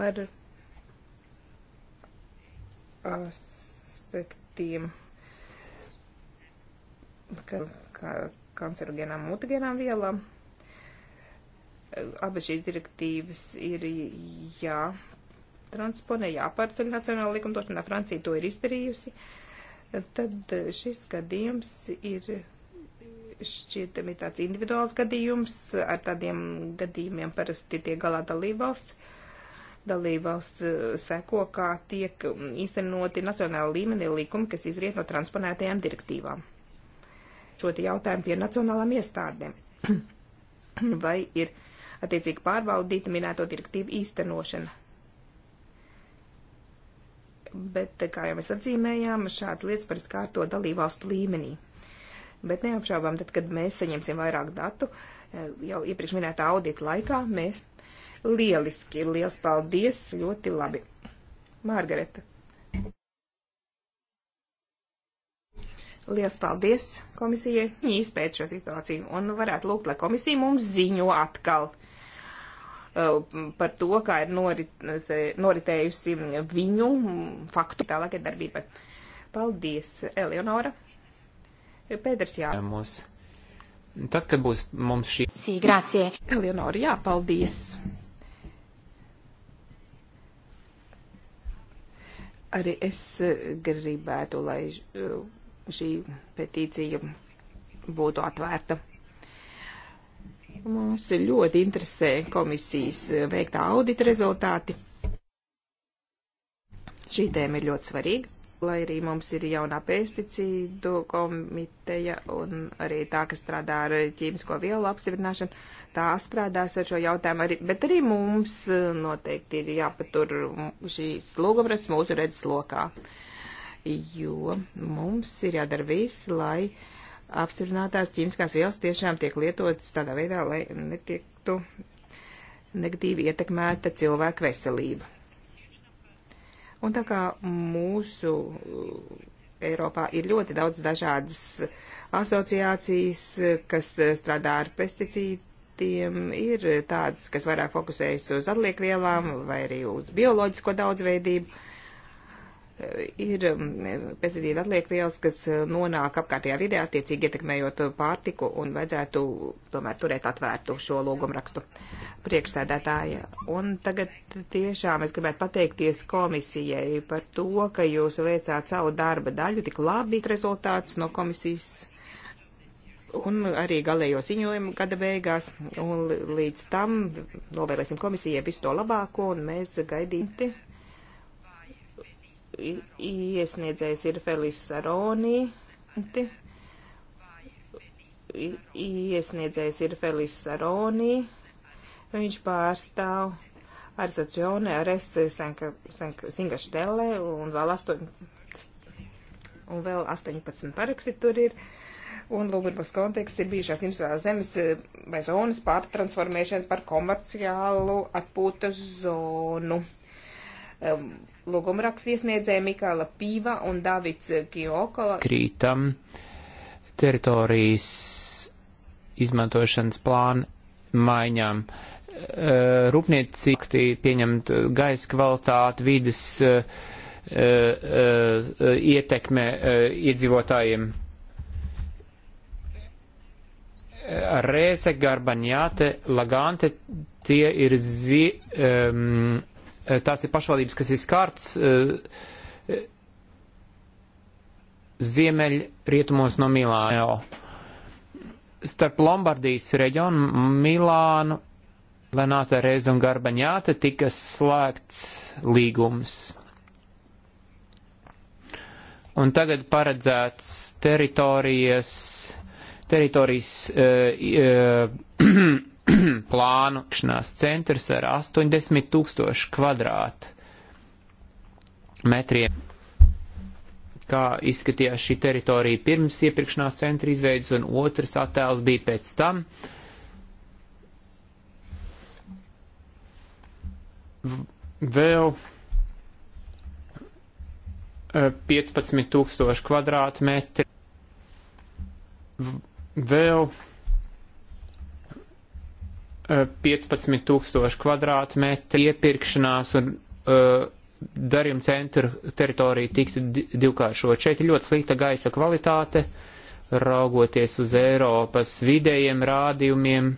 S2: Par uh, aspektiem, ka, ka kancerogēnām mutagēnām vielām. Abas šīs direktīvas ir jātransponē, jāpārceļ nacionāla likumdošanā. Francija to ir izdarījusi. Tad šis gadījums ir šķietami tāds individuāls gadījums. Ar tādiem gadījumiem parasti tiek galā dalībvalsts. Dalībvalsts eh, seko, kā tiek mm, īstenoti nacionāla līmenī likumi, kas izriet no transponētajām direktīvām šo jautājumu pie nacionālām iestādēm. <clears throat> Vai ir attiecīgi pārbaudīta minēto direktīvu īstenošana? Bet, kā jau mēs atzīmējām, šādas lietas parasti kārto dalībvalstu līmenī. Bet neapšaubām, tad, kad mēs saņemsim vairāk datu, eh, jau iepriekš minētā audita laikā, mēs lieliski, liels paldies, ļoti labi. Margareta, Liels paldies komisijai, viņi izpēt šo situāciju un varētu lūgt, lai komisija mums ziņo atkal uh, par to, kā ir norit, noritējusi viņu faktu tālākai darbībai. Paldies, Eleonora. Pēters, jā.
S3: Mums. Tad, kad būs mums šī. Sī,
S2: grācie. Eleonora, jā, paldies. Arī es eh, gribētu, lai eh, šī petīcija būtu atvērta. Mums ļoti interesē komisijas veiktā audita rezultāti. Šī tēma ir ļoti svarīga, lai arī mums ir jaunā pesticīdu komiteja un arī tā, kas strādā ar ķīmisko vielu apstiprināšanu, tā strādās ar šo jautājumu arī, bet arī mums noteikti ir jāpatur šīs lūgumres mūsu redzes lokā. Uh, jo mums ir jādara viss, lai apstiprinātās ķīmiskās vielas tiešām tiek lietotas tādā veidā, lai netiektu negatīvi ietekmēta cilvēka veselība. Un tā kā mūsu uh, Eiropā ir ļoti daudz dažādas asociācijas, kas uh, strādā ar pesticīdiem, ir tādas, kas vairāk fokusējas uz atliekvielām vai arī uz bioloģisko daudzveidību ir um, pesticīdu atliekvielas, kas uh, nonāk apkārtējā vidē, attiecīgi ietekmējot uh, pārtiku, un vajadzētu tomēr turēt atvērtu šo logumrakstu priekšsēdētāja. Un tagad tiešām es gribētu pateikties komisijai par to, ka jūs veicāt savu darba daļu, tik labi rezultāts no komisijas. Un arī galējo ziņojumu gada beigās, un līdz tam novēlēsim komisijai visu to labāko, un mēs gaidīti iesniedzējs ir Felis Saroni. Iesniedzējs ir Felis Saroni. Viņš pārstāv ar Sacione, ar Esi Singaštele un vēl 8, un vēl 18 paraksti tur ir. Un Lūgurbas konteksts ir bijušās industriālās zemes eh, vai zonas pārtransformēšana par komerciālu atpūtas zonu. Um, Lūgumrakstu iesniedzēja Mikāla Pīva un Davids Kiokola.
S3: Krītam teritorijas izmantošanas plānu maiņām. Uh, rūpniecība pieņemt gaisa kvalitāti, vidas uh, uh, ietekme iedzīvotājiem. Rēse, Garbaņāte, Lagante, tie ir zi, um, Eh, tās ir pašvaldības, kas ir skārts eh, ziemeļ rietumos no Milāno. Starp Lombardijas reģionu Milānu, Lenāta Reiz un Garbaņāte tika slēgts līgums. Un tagad paredzēts teritorijas, teritorijas uh, uh, <clears throat> <clears throat> plānošanās centrs ar 80 tūkstošu kvadrātu metriem. Kā izskatījās šī teritorija pirms iepirkšanās centra izveidas, un otrs attēls bija pēc tam. Vēl 15 eh, tūkstoši kvadrātmetri. Vēl 15 tūkstoši kvadrātmetri iepirkšanās un uh, darījuma centru teritorija tiktu divkāršot. Šeit ir ļoti slikta gaisa kvalitāte, raugoties uz Eiropas vidējiem rādījumiem.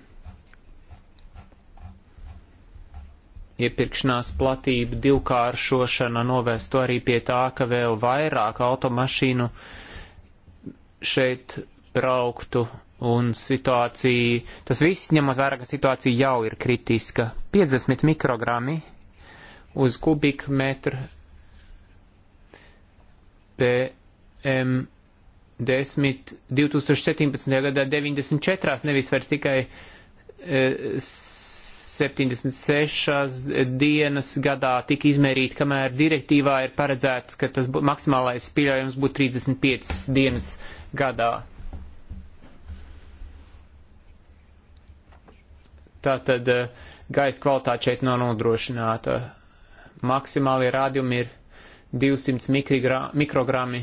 S3: Iepirkšanās platība divkāršošana novestu arī pie tā, ka vēl vairāk automašīnu šeit brauktu un situācija, tas viss ņemot vērā, ka situācija jau ir kritiska. 50 mikrogrammi uz kubikmetru PM10 2017. gadā 94, nevis vairs tikai e, 76 dienas gadā tika izmērīta, kamēr direktīvā ir paredzēts, ka tas maksimālais pieļaujums būtu 35 dienas gadā Tātad eh, gaisa kvalitāte šeit nav nodrošināta. Maksimālie rādījumi ir 200 mikrogrammi.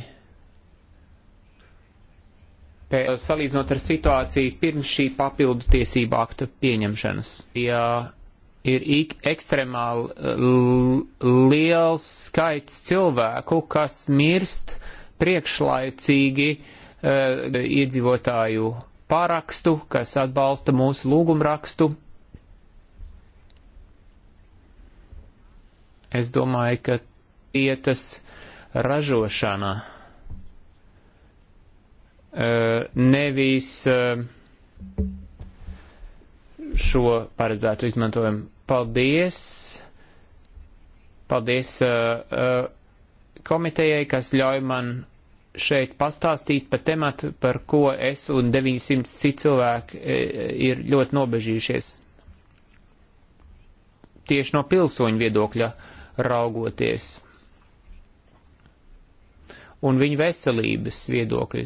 S3: Pē, salīdzinot ar situāciju pirms šī papildu tiesību akta pieņemšanas, ja ir ekstremāli eh, liels skaits cilvēku, kas mirst priekšlaicīgi uh, iedzīvotāju pārakstu, kas atbalsta mūsu lūgumrakstu, Es domāju, ka vietas ražošana e, nevis e, šo paredzētu izmantojumu. Paldies! Paldies e, komitejai, kas ļauj man šeit pastāstīt par tematu, par ko es un 900 citi cilvēki ir ļoti nobežījušies. Tieši no pilsoņu viedokļa. Uh, raugoties. Un viņu veselības viedokļi.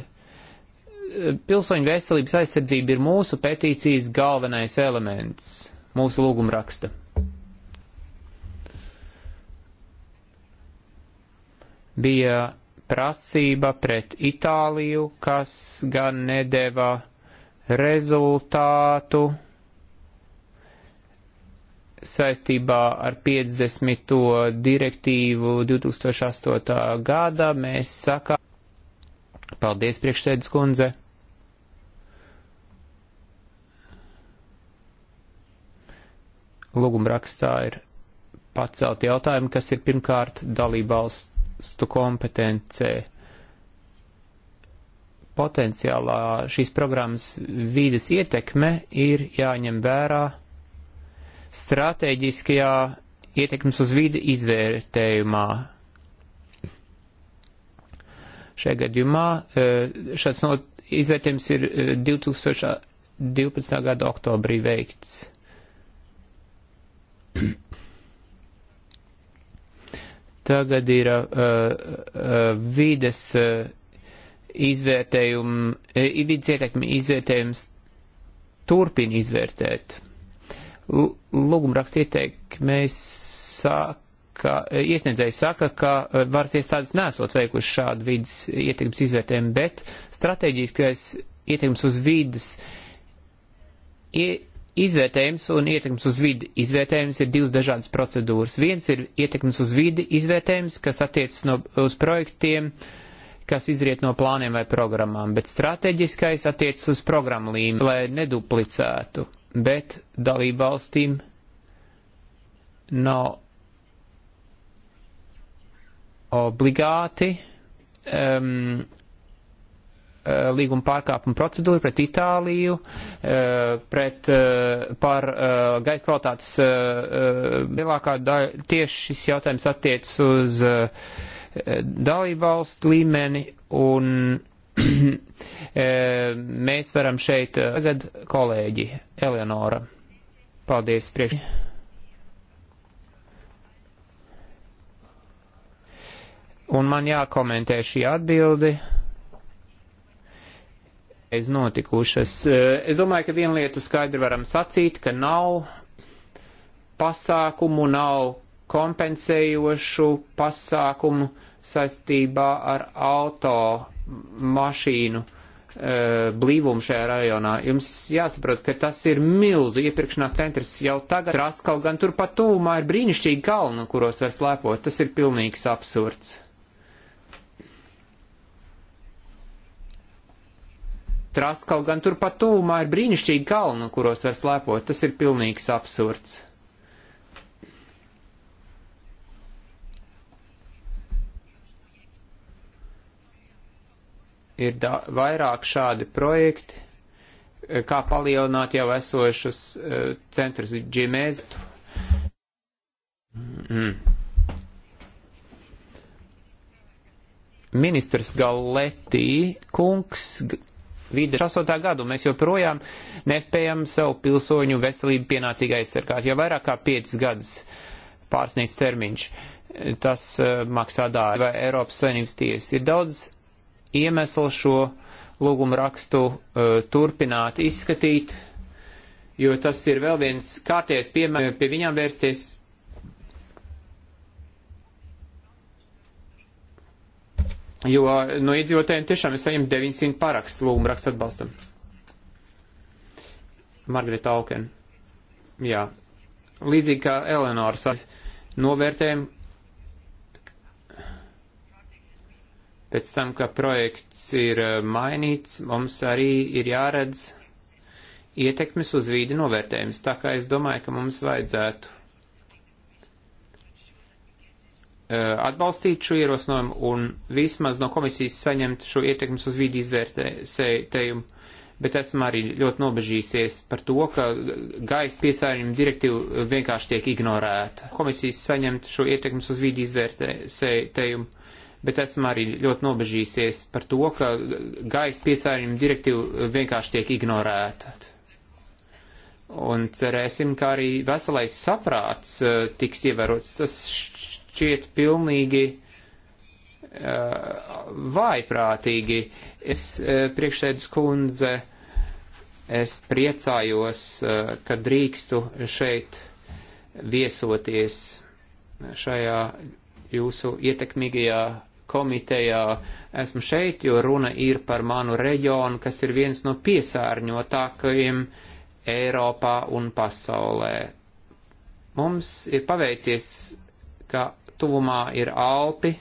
S3: Pilsoņu veselības aizsardzība ir mūsu petīcijas galvenais elements, mūsu lūguma raksta. Bija prasība pret Itāliju, kas gan nedēvā rezultātu saistībā ar 50. direktīvu 2008. gadā mēs sakām. Paldies, priekšsēdus kundze. Lūguma rakstā ir pacelt jautājumi, kas ir pirmkārt dalībvalstu kompetencē potenciālā šīs programmas vīdes ietekme ir jāņem vērā stratēģiskajā ietekmes uz vidi izvērtējumā. Šajā gadījumā eh, šāds no izvērtējums ir 2012. Eh, gada oktobrī veikts. Tagad ir uh, uh, vides uh, izvērtējumi, uh, vides ietekmi izvērtējums turpina izvērtēt. Lūgumraksts ieteikmēs saka, iesniedzējs saka, ka e, varas iestādes nesot veikuši šādu vidas ietekmes izvērtējumu, bet strateģiskais ietekmes uz vidas izvērtējums un ietekmes uz vidi izvērtējums ir divas dažādas procedūras. Viens ir ietekmes uz vidi izvērtējums, kas attiecas no, uz projektiem, kas izriet no plāniem vai programmām, bet strateģiskais attiecas uz programmu līmeni, lai neduplicētu bet dalību valstīm nav obligāti um, uh, līguma pārkāpuma procedūra pret Itāliju, uh, pret uh, par gaisa kvalitātes lielākā daļa. Tieši šis jautājums attiecas uz dalībvalstu līmeni un Eh, mēs varam šeit eh, tagad kolēģi Eleonora. Paldies priekš. Un man jākomentē šī atbildi reiz notikušas. Eh, es domāju, ka vienu lietu skaidri varam sacīt, ka nav pasākumu, nav kompensējošu pasākumu saistībā ar auto mašīnu e, blīvumu šajā rajonā. Jums jāsaprot, ka tas ir milzu iepirkšanās centrs jau tagad. Rast kaut gan tur pat tūmā ir brīnišķīgi kalni, kuros var slēpot. Tas ir pilnīgs absurds. Tras kaut gan tur pat tūmā ir brīnišķīgi kalni, kuros var slēpot. Tas ir pilnīgs absurds. ir vairāk šādi projekti, e, kā palielināt jau esošus e, centrus ģimēzētu. Mm. Ministrs Galetī kungs vīde 8. gadu, mēs joprojām nespējam savu pilsoņu veselību pienācīgi aizsargāt, jo vairāk kā 5 gadus pārsniedz termiņš. E, tas uh, maksā dārgi, vai Eiropas saimnības tiesa ir daudz iemeslu šo lūgumu rakstu uh, turpināt izskatīt, jo tas ir vēl viens kārties piemērs pie viņām vērsties. Jo no iedzīvotājiem tiešām es saņemu 900 parakstu lūgumu rakstu atbalstam. Margarita Auken. Jā. Līdzīgi kā Eleonora novērtējumu, Pēc tam, ka projekts ir eh, mainīts, mums arī ir jāredz ietekmes uz vīdi novērtējums. Tā kā es domāju, ka mums vajadzētu eh, atbalstīt šo ierosinājumu un vismaz no komisijas saņemt šo ietekmes uz vīdi izvērtējumu. Bet esmu arī ļoti nobežīsies par to, ka gaisa piesārņojuma direktīva vienkārši tiek ignorēta. Komisijas saņemt šo ietekmes uz vīdi izvērtējumu bet esmu arī ļoti nobežīsies par to, ka gaisa piesārņojuma direktīva vienkārši tiek ignorēta. Un cerēsim, ka arī veselais saprāts uh, tiks ievērots. Tas šķiet pilnīgi uh, vājprātīgi. Es, uh, priekšsēdus kundze, es priecājos, uh, ka drīkstu šeit viesoties šajā jūsu ietekmīgajā komitejā esmu šeit, jo runa ir par manu reģionu, kas ir viens no piesārņotākajiem Eiropā un pasaulē. Mums ir paveicies, ka tuvumā ir Alpi,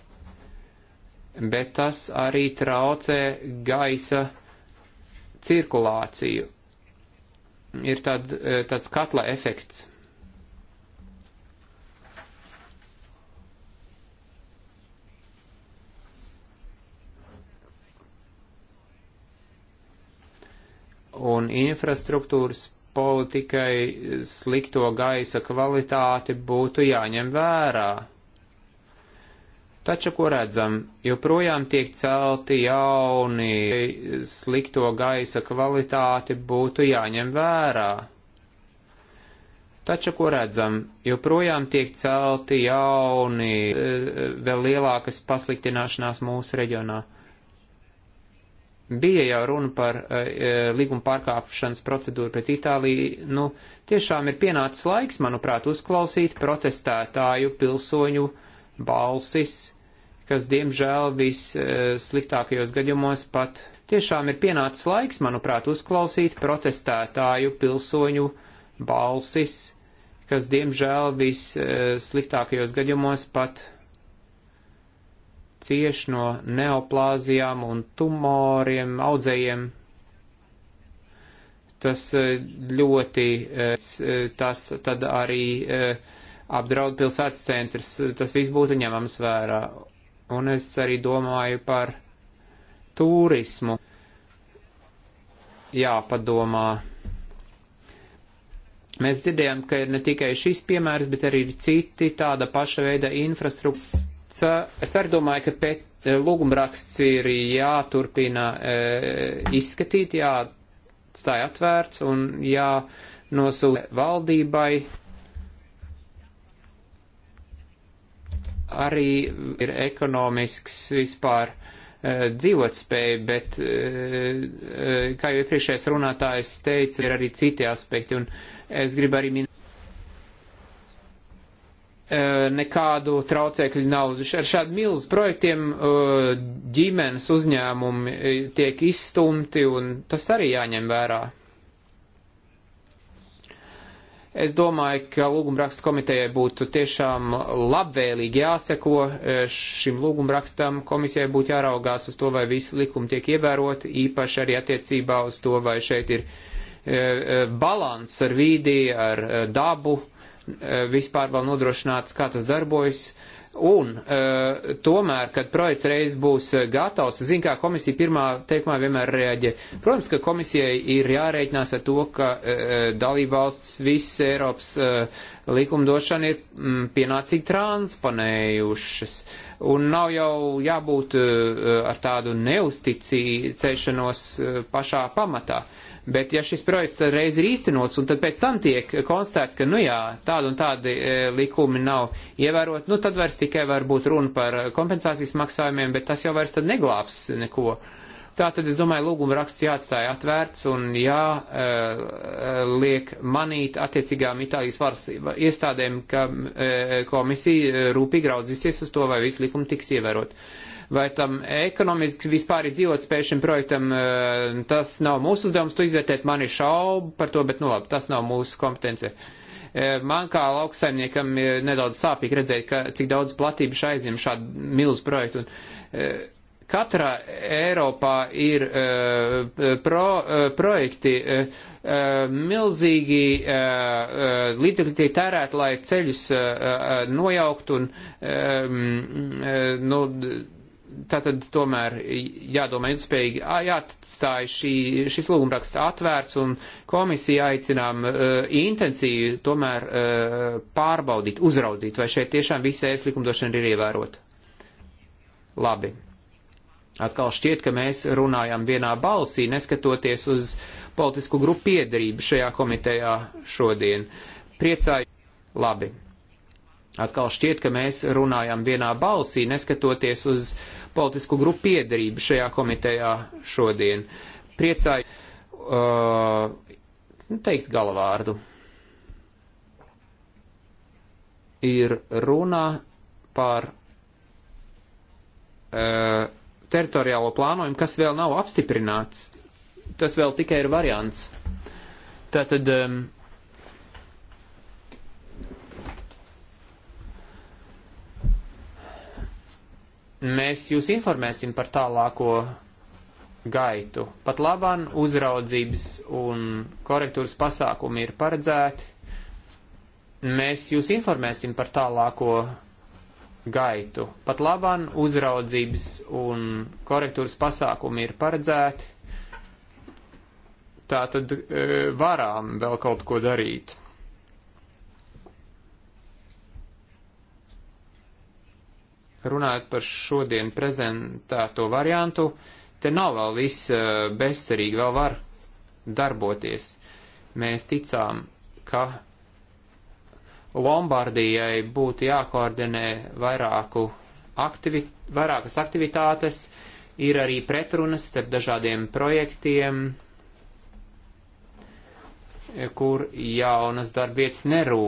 S3: bet tas arī traucē gaisa cirkulāciju. Ir tād, eh, tāds katla efekts. un infrastruktūras politikai slikto gaisa kvalitāti būtu jāņem vērā. Taču, ko redzam, joprojām tiek celti jauni, slikto gaisa kvalitāti būtu jāņem vērā. Taču, ko redzam, joprojām tiek celti jauni, eh, eh, vēl lielākas pasliktināšanās mūsu reģionā. Bija jau runa par e, e, līguma pārkāpšanas procedūru pret Itāliju. Nu, tiešām ir pienācis laiks, manuprāt, uzklausīt protestētāju pilsoņu balsis, kas, diemžēl, vissliktākajos e, gadījumos pat tiešām ir pienācis laiks, manuprāt, uzklausīt protestētāju pilsoņu balsis, kas, diemžēl, vissliktākajos e, gadījumos pat cieš no neoplāzijām un tumoriem, audzējiem. Tas e, ļoti, e, e, tas tad arī apdraud pilsētas centrs, tas viss būtu ņemams vērā. Un es arī domāju par turismu. Jāpadomā. Mēs dzirdējām, ka ir ne tikai šis piemērs, bet arī citi tāda paša veida infrastruktūras Eh, es arī domāju, ka pēt, eh, lūgumraksts ir jāturpina e, izskatīt, jāatstāj atvērts un jānosūta valdībai. Arī ir ekonomisks vispār e, dzīvotspēja, bet, e, kā jau iepriekšējais runātājs teica, ir arī citi aspekti, un es gribu arī minēt E, nekādu traucēkļu nav. Ar šādu milzu projektiem e, ģimenes uzņēmumi e, tiek izstumti, un tas arī jāņem vērā. Es domāju, ka lūgumrakstu komitejai būtu tiešām labvēlīgi jāseko šim lūgumrakstam. Komisijai būtu jāraugās uz to, vai visi likumi tiek ievēroti, īpaši arī attiecībā uz to, vai šeit ir balans ar vīdi, ar dabu Eh, vispār vēl nodrošināts, kā tas darbojas. Un e, tomēr, kad projekts reiz būs eh, gatavs, zin kā komisija pirmā teikumā vienmēr reaģē. Protams, ka komisijai ir jārēķinās ar to, ka e, dalībvalsts viss Eiropas e, likumdošana ir m, mm, pienācīgi transponējušas. Un nav jau jābūt e, ar tādu neusticīšanos e, pašā pamatā. E, Bet ja šis projekts reiz ir īstenots un tad pēc tam tiek konstatēts, ka, nu jā, tādu un tādi e, likumi nav ievērot, nu tad vairs tikai var būt runa par kompensācijas maksājumiem, bet tas jau vairs tad neglābs neko. Tā tad es domāju, lūguma raksts jāatstāja atvērts un jāliek e, e, manīt attiecīgām Itālijas varas iestādēm, ka komisija rūpīgi raudzīsies uz to, vai visi likumi tiks ievērot. Uh, vai tam ekonomiski vispār ir dzīvot spēj šim projektam, tas nav mūsu uzdevums, tu izvērtēt mani šaubu par to, bet nu labi, tas nav mūsu kompetence. Man kā lauksaimniekam ir nedaudz sāpīgi redzēt, ka, cik daudz platību šai aizņem šādu milzu projektu. Un, katrā Eiropā ir uh, pro, uh, projekti, uh, milzīgi uh, līdzekļi tiek tērēti, lai ceļus uh, uh, nojaukt un uh, um, uh, nu, tātad tomēr jādomā ilgspējīgi, jāatstāj šī, šis lūgumraksts atvērts un komisija aicinām uh, intensīvi tomēr uh, pārbaudīt, uzraudzīt, vai šeit tiešām visa ēst likumdošana ir ievērota. Labi. Atkal šķiet, ka mēs runājam vienā balsī, neskatoties uz politisku grupu piedarību šajā komitejā šodien. Priecāju. Labi. Atkal šķiet, ka mēs runājam vienā balsī, neskatoties uz politisku grupu piedarību šajā komitejā šodien. Priecāju uh, teikt galvārdu. Ir runa par uh, teritoriālo plānojumu, kas vēl nav apstiprināts. Tas vēl tikai ir variants. Tātad. Um, mēs jūs informēsim par tālāko gaitu. Pat labāk uzraudzības un korektūras pasākumi ir paredzēti. Mēs jūs informēsim par tālāko gaitu. Pat labāk uzraudzības un korektūras pasākumi ir paredzēti. Tā tad e, eh, varām vēl kaut ko darīt. runājot par šodien prezentēto variantu, te nav vēl viss eh, bezcerīgi, vēl var darboties. Mēs ticām, ka Lombardijai būtu jākoordinē vairāku aktivi, vairākas aktivitātes, ir arī pretrunas starp dažādiem projektiem, kur jaunas darbvietas nero,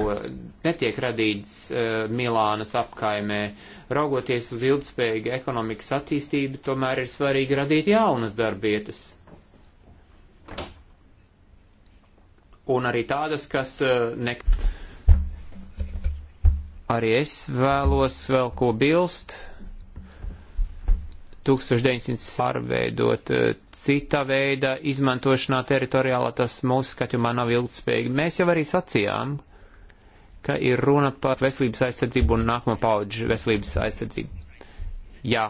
S3: netiek radīts uh, Milānas apkaimē. Uh, raugoties uz ilgspējīgu ekonomikas attīstību, tomēr ir svarīgi radīt jaunas darbietas. Un arī tādas, kas eh, ne. Arī es vēlos vēl ko bilst. 1900 pārveidot eh, cita veida izmantošanā teritoriālā, tas mūsu skatījumā nav ilgspējīgi. Mēs jau arī sacījām, uh, ka ir runa par veselības aizsardzību un nākamo paudžu veselības aizsardzību. Jā,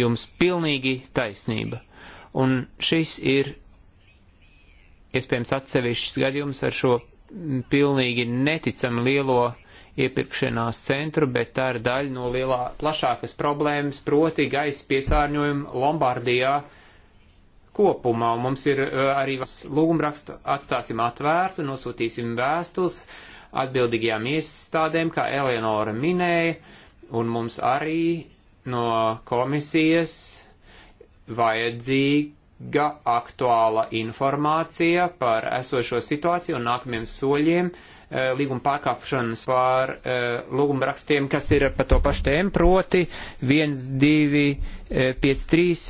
S3: jums pilnīgi taisnība. Un šis ir iespējams atsevišķs gadījums ar šo pilnīgi neticami lielo iepirkšanās centru, bet tā ir daļa no lielā, plašākas problēmas, proti gaisa piesārņojuma Lombardijā kopumā. Un mums ir eh, arī lūgumrakstu atstāsim atvērtu, nosūtīsim vēstules atbildīgajām iestādēm, kā Eleonora minēja, un mums arī no komisijas vajadzīga aktuāla informācija par esošo situāciju un nākamiem soļiem eh, līguma pārkāpšanas pār eh, lūguma rakstiem, kas ir par to pašu tēmu, proti 1, 2, 5, 3,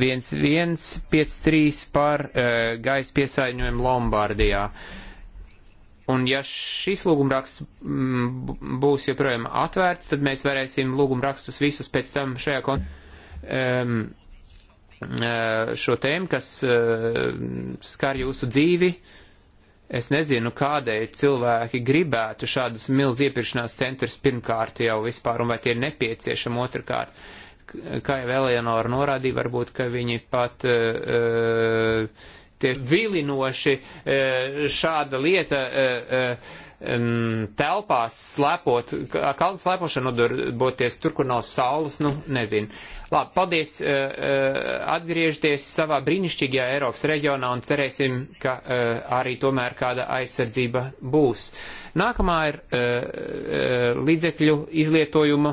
S3: 1, 1, 5, 3 par eh, gaisa piesaiņojumu Lombardijā. Uh, Un ja šis lūgumraksts mm, būs joprojām atvērts, tad mēs varēsim lūgumrakstus visus pēc tam šajā kon... Um, šo tēmu, kas uh, skar jūsu dzīvi. Es nezinu, kādēļ cilvēki gribētu šādas milz iepirkšanās centrus pirmkārt jau vispār, un vai tie ir nepieciešami otrkārt. Kā jau Eleonora norādīja, varbūt, ka viņi pat uh, tie vilinoši eh, šāda lieta eh, eh, telpās slēpot, kalnu slēpošanu nodarboties tur, kur nav saules, nu, nezinu. Labi, paldies, e, e, atgriežties savā brīnišķīgajā Eiropas reģionā un cerēsim, ka e, arī tomēr kāda aizsardzība būs. Nākamā ir līdzekļu izlietojuma,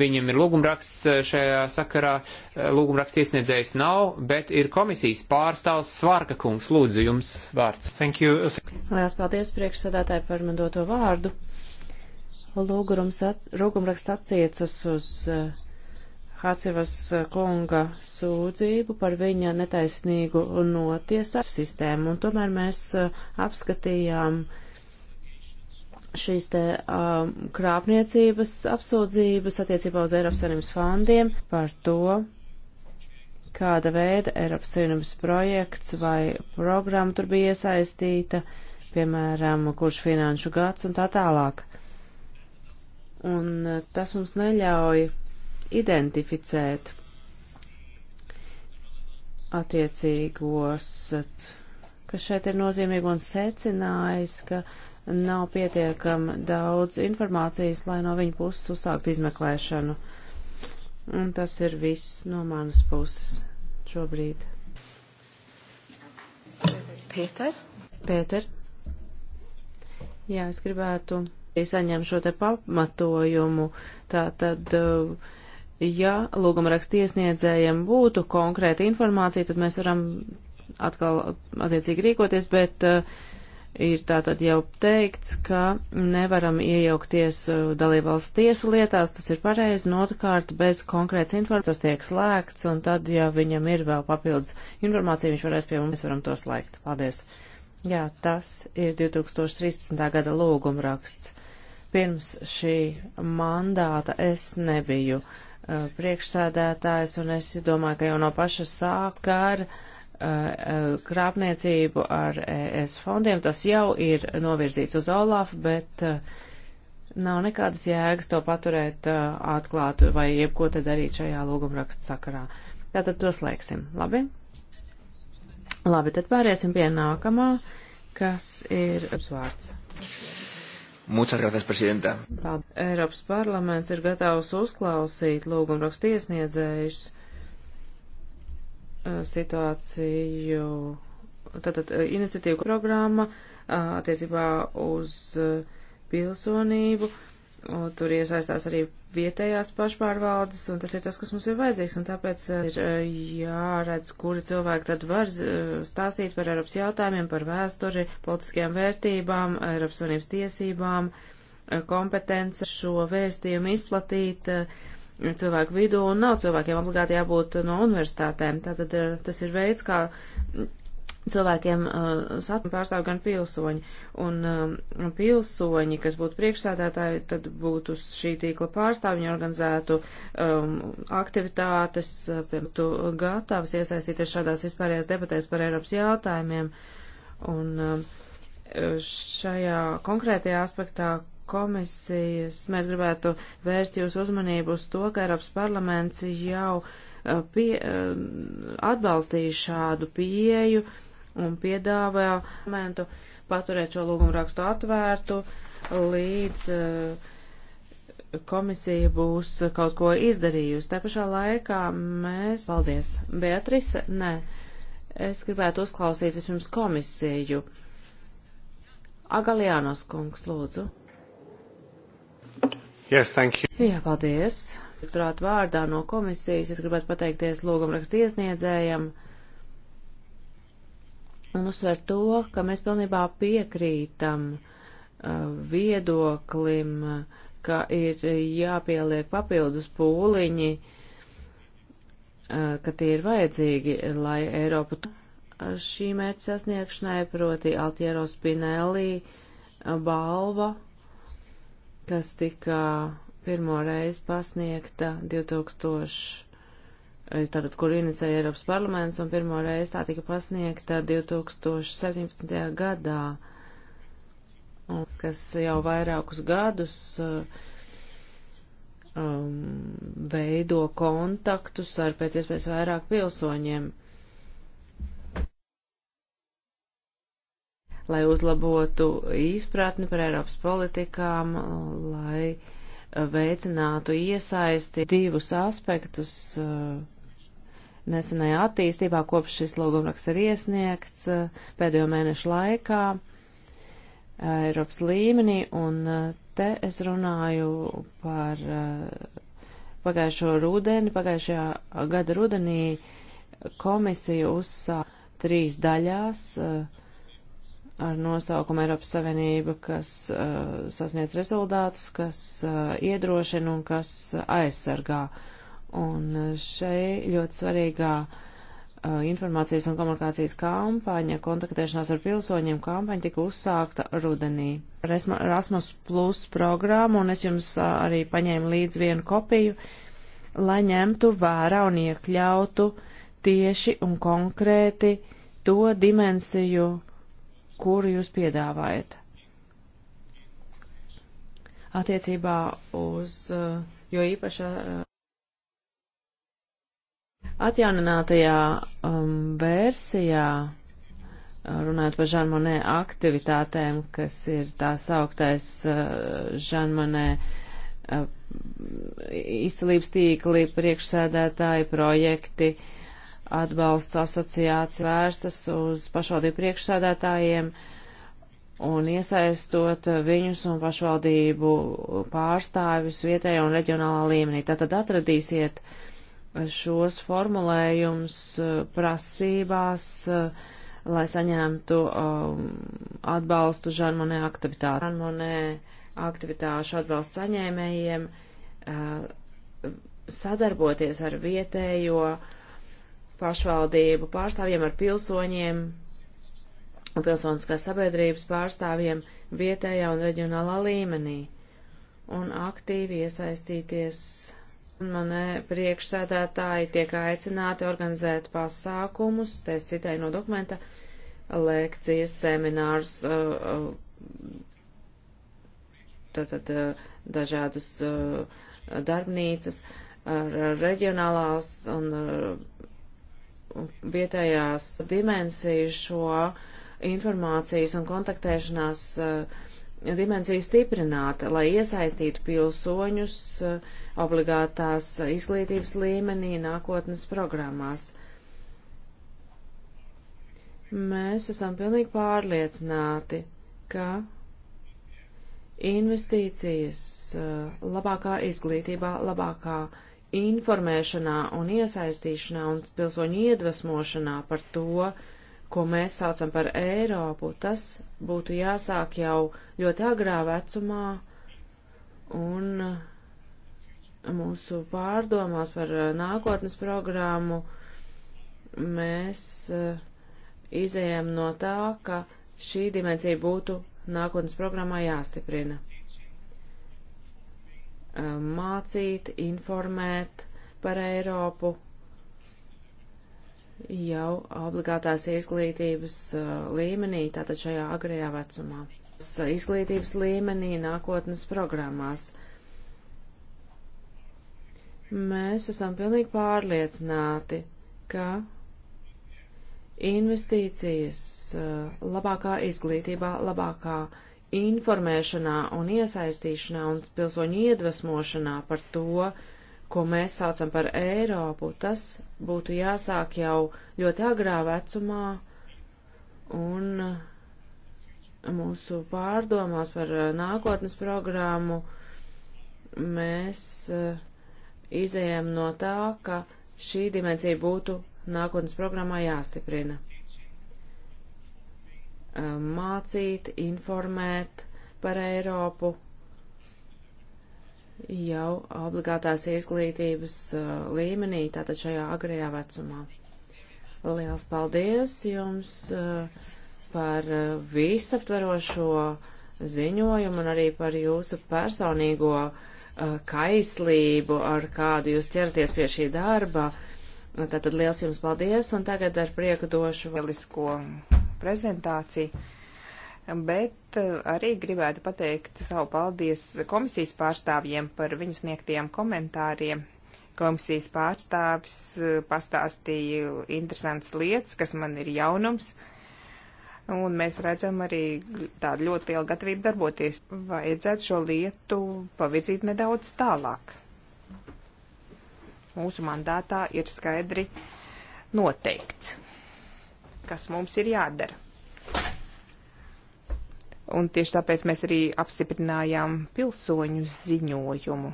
S3: viņam ir lūgumraksts šajā sakarā, lūgumraksts iesniedzējs nav, bet ir komisijas pārstāvs Svārka kungs, lūdzu jums vārds. Liels
S1: paldies priekšsādātāji par man domu izmantoto vārdu. Lūgumraksts attiecas uz Hacivas eh, eh, kunga sūdzību par viņa netaisnīgu notiesātu sistēmu, un tomēr mēs eh, apskatījām šīs te um, krāpniecības apsūdzības attiecībā uz Eiropas Savienības fondiem par to, kāda veida Eiropas Savienības projekts vai programma tur bija iesaistīta. Uh, piemēram, kurš finanšu gads un tā tālāk. Un eh, tas mums neļauj identificēt attiecīgos, kas šeit ir nozīmīgi un secinājis, ka nav pietiekam daudz informācijas, lai no viņa puses uzsākt izmeklēšanu. Un tas ir viss no manas puses šobrīd. Pēter? Pēter? Jā, es gribētu saņemt šo te pamatojumu. Tātad, eh, ja lūguma rakstiesniedzējiem būtu konkrēta informācija, tad mēs varam atkal attiecīgi rīkoties, bet uh, ir tātad jau teikts, ka nevaram iejaukties eh, dalībvalsts tiesu lietās, tas ir pareizi, notakārt bez konkrēts informācijas, tas tiek slēgts, un tad, ja viņam ir vēl papildus informācija, viņš varēs pie mums, mēs varam to slēgt. Paldies! Jā, tas ir 2013. gada lūgumraksts. Pirms šī mandāta es nebiju uh, priekšsēdētājs, un es domāju, ka jau no paša sāka ar uh, uh krāpniecību ar ES fondiem tas jau ir novirzīts uz Olafu, bet uh, nav nekādas jēgas to paturēt uh, atklātu vai jebko te darīt šajā lūgumraksta sakarā. Tātad to slēgsim. Labi? Labi, tad pāriesim pie nākamā, kas ir uzvārds.
S3: Muchas
S2: gracias, Presidenta.
S1: Paldies. Eiropas parlaments ir gatavs uzklausīt lūgumrakstu iesniedzējus eh, situāciju, tātad eh, iniciatīvu programma eh, attiecībā uz pilsonību Un tur iesaistās arī vietējās pašpārvaldes, un tas ir tas, kas mums ir vajadzīgs, un tāpēc uh, ir uh, jāredz, kuri cilvēki tad var uh, stāstīt par Eiropas jautājumiem, par vēsturi, politiskajām vērtībām, Eiropas Savienības tiesībām, kompetence šo vēstījumu izplatīt cilvēku vidū, un nav cilvēkiem obligāti jābūt no universitātēm. Tātad tas ir veids, kā cilvēkiem uh, satni pārstāv gan pilsoņi, un uh, pilsoņi, kas būtu priekšsēdētāji, tad būtu šī tīkla pārstāvji, viņi organizētu um, aktivitātes, uh, piemēram, tu gatavs iesaistīties šādās vispārējās debatēs par Eiropas jautājumiem, un uh, šajā konkrētajā aspektā komisijas mēs gribētu vērst jūsu uzmanību uz to, ka Eiropas parlaments jau uh, pie, uh, atbalstīja šādu pieeju, uh, un piedāvā momentu paturēt šo lūgumu rakstu atvērtu līdz uh, komisija būs kaut ko izdarījusi. Tā pašā laikā mēs. Paldies. Beatrise, nē. Es gribētu uzklausīt vispirms komisiju. Agalianos kungs, lūdzu. Yes, thank you. Jā, paldies. Turāt vārdā no komisijas es gribētu pateikties lūgumrakstu iesniedzējiem. Uh, un uzsver to, ka mēs pilnībā piekrītam uh, viedoklim, ka ir jāpieliek papildus pūliņi, uh, ka tie ir vajadzīgi, lai Eiropa šī mērķa sasniegšanai, proti Altiero Spinelli uh, balva, kas tika pirmo reizi pasniegta 2000 tātad, kur inicēja Eiropas parlaments, un pirmo reizi tā tika pasniegta 2017. gadā, un, kas jau vairākus gadus uh, um, veido kontaktus ar pēc iespējas vairāk pilsoņiem. lai uzlabotu izpratni par Eiropas politikām, lai veicinātu iesaisti divus aspektus uh, nesenajā attīstībā, kopš šis logumraksts ir iesniegts eh, pēdējo mēnešu laikā eh, Eiropas līmenī, un eh, te es runāju par pagājušo rudeni, pagājušajā gada rudenī komisija uzsā trīs daļās ar nosaukumu Eiropas Savienība, kas sasniedz rezultātus, kas iedrošina un kas aizsargā. Uh, Un eh, šai ļoti svarīgā uh, informācijas un komunikācijas kampaņa, kontaktēšanās ar pilsoņiem kampaņa tika uzsākta rudenī. Rasmus Plus programmu, un es jums uh, arī paņēmu līdz vienu kopiju, lai ņemtu vērā un iekļautu tieši un konkrēti to dimensiju, kuru jūs piedāvājat. Attiecībā uz, uh, jo īpaši Atjauninātajā um, versijā, runājot par Žanmonē aktivitātēm, kas ir tā sauktais uh, Žanmonē uh, izcelības tīkli, priekšsēdētāji, projekti, atbalsts asociācija vērstas uz pašvaldību priekšsēdētājiem un iesaistot viņus un pašvaldību pārstāvis vietējā un reģionālā līmenī. Tātad atradīsiet uh, šos formulējums eh, prasībās, eh, lai saņemtu um, atbalstu žanmonē aktivitāti. Žanmonē aktivitāšu atbalstu saņēmējiem eh, sadarboties ar vietējo pašvaldību pārstāvjiem, ar pilsoņiem un pilsoniskās sabiedrības pārstāvjiem vietējā un reģionālā līmenī un aktīvi iesaistīties Manē priekšsēdētāji tiek aicināti organizēt pasākumus, te es citēju no dokumenta, lekcijas, seminārus, tātad uh, uh, uh, dažādus darbnīcas ar reģionālās un vietējās dimensiju šo informācijas un kontaktēšanās dimensiju stiprināt, lai iesaistītu pilsoņus uh, obligātās izglītības līmenī nākotnes programmās. Mēs esam pilnīgi pārliecināti, ka investīcijas uh, labākā izglītībā, labākā informēšanā un iesaistīšanā un pilsoņu iedvesmošanā par to, ko mēs saucam par Eiropu, tas būtu jāsāk jau ļoti agrā vecumā un uh, mūsu pārdomās par eh, nākotnes programmu mēs eh, izējām no tā, ka šī dimensija būtu nākotnes programmā jāstiprina. Eh, mācīt, informēt par Eiropu jau obligātās izglītības līmenī, tātad šajā agrajā vecumā. Izglītības līmenī nākotnes programmās Mēs esam pilnīgi pārliecināti, ka investīcijas uh, labākā izglītībā, labākā informēšanā un iesaistīšanā un pilsoņu iedvesmošanā par to, ko mēs saucam par Eiropu, tas būtu jāsāk jau ļoti agrā vecumā un mūsu pārdomās par uh, nākotnes programmu mēs uh, izējām no tā, ka šī dimensija būtu nākotnes programmā jāstiprina. Mācīt, informēt par Eiropu jau obligātās izglītības līmenī, tātad šajā agrajā vecumā. Liels paldies jums par visaptverošo ziņojumu un arī par jūsu personīgo uh, Uh, kaislību, ar kādu jūs ķerties pie šī darba. Tātad liels jums paldies, un tagad ar prieku došu lielisko
S2: prezentāciju. Bet uh, arī gribētu pateikt savu paldies komisijas pārstāvjiem par viņu sniegtiem komentāriem. Komisijas pārstāvis uh, pastāstīja interesantas lietas, kas man ir jaunums. Uh, un mēs redzam arī tādu ļoti lielu gatavību darboties. Vajadzētu šo lietu pavirzīt nedaudz tālāk. Mūsu mandātā ir skaidri noteikts, kas mums ir jādara. Un tieši tāpēc mēs arī apstiprinājām pilsoņu ziņojumu.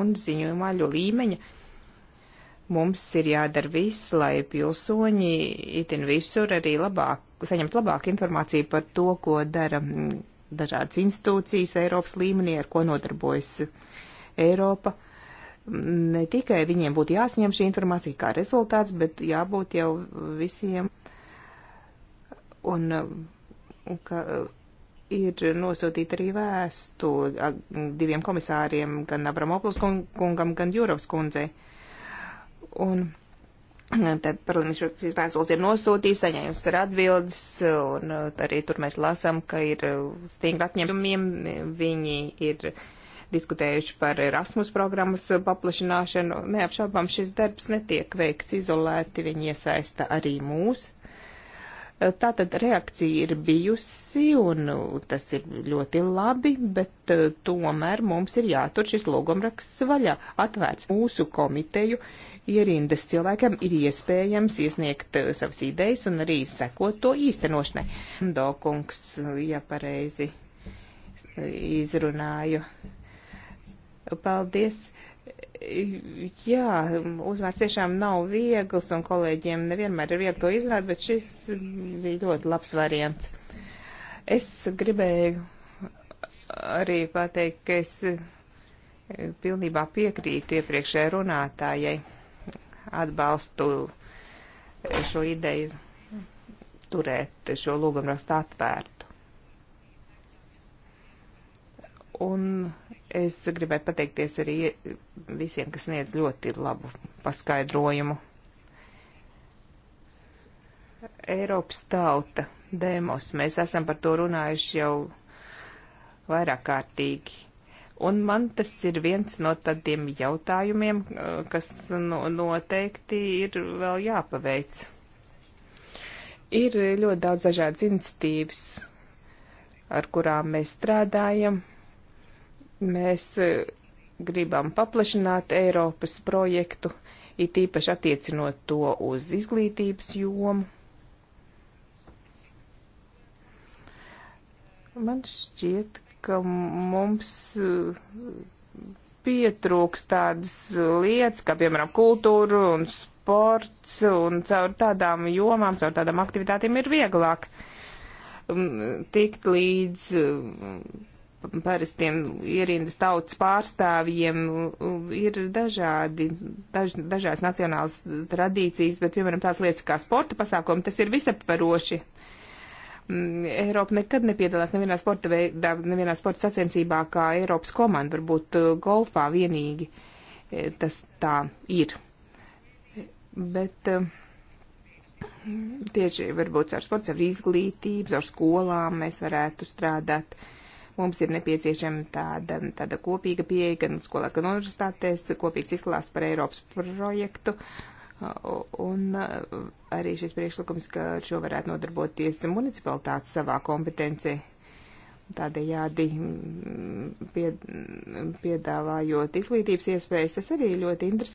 S2: Un ziņojumā ļoti līmeņa mums ir jādara viss, lai pilsoņi itin visur arī labāk saņemt labāku informāciju par to, ko dara mm, dažādas institūcijas Eiropas līmenī, ar ko nodarbojas Eiropa. Mm, ne tikai viņiem būtu jāsaņem šī informācija kā rezultāts, bet jābūt jau visiem. Un, un mm, ka, ir nosūtīta arī vēstule diviem komisāriem, gan Abramopuls kungam, gan Jūrovs kundzei. Un Tad parlaments šīs vēstules ir nosūtījis, saņēmis ar atbildes, un uh, arī tur mēs lasām, ka ir uh, stingri atņemumiem. Viņi ir diskutējuši par Erasmus programmas paplašināšanu. Neapšaubām šis darbs netiek veikts izolēti, viņi iesaista arī mūs. Uh, Tātad reakcija ir bijusi, un tas ir ļoti labi, bet tomēr mums ir jātur šis logumraksts vaļā, atvērts mūsu komiteju. Uh, ierindas cilvēkam ir iespējams iesniegt eh, savas idejas un arī sekot to īstenošanai. Dokungs, ja pareizi eh, izrunāju. Paldies! Jā, uzvārds tiešām nav viegls, un kolēģiem nevienmēr ir viegli to izrādīt, bet šis bija ļoti labs variants. Es gribēju arī pateikt, ka es eh, pilnībā piekrītu iepriekšējai runātājai atbalstu šo ideju turēt šo lūgumrakstu atvērtu. Un es gribēju pateikties arī visiem, kas sniedz ļoti labu paskaidrojumu. Eiropas tauta, demos, mēs esam par to runājuši jau vairāk kārtīgi Un man tas ir viens no tādiem jautājumiem, eh, kas no, noteikti ir vēl jāpaveic. Ir ļoti daudz dažādas iniciatīvas, ar kurām mēs strādājam. Mēs eh, gribam paplašināt Eiropas projektu, it īpaši attiecinot to uz izglītības jomu. Man šķiet, ka mums eh, pietrūks tādas lietas, kā piemēram kultūra un sports, un caur tādām jomām, caur tādām aktivitātēm ir vieglāk mm, tikt līdz mm, parastiem ierindas tautas pārstāvjiem ir dažādi, daž, dažādas nacionālas tradīcijas, bet, piemēram, tās lietas kā sporta pasākumi, tas ir visaptvaroši. Uh, Mm, Eiropa nekad nepiedalās nevienā sporta veidā, nevienā sporta sacensībā kā Eiropas komanda, varbūt uh, golfā vienīgi e, tas tā ir. Bet uh, tieši varbūt ar sports, ar izglītību, ar skolām mēs varētu strādāt. Mums ir nepieciešama tāda, tāda kopīga pieeja gan skolās, gan universitātēs, kopīgs izklāsts par Eiropas projektu. Uh, Un eh, arī šis priekšlikums, ka ar šo varētu nodarboties municipalitātes savā kompetenci, tādējādi mm, pie, mm, piedāvājot izglītības iespējas, tas arī ļoti interesanti.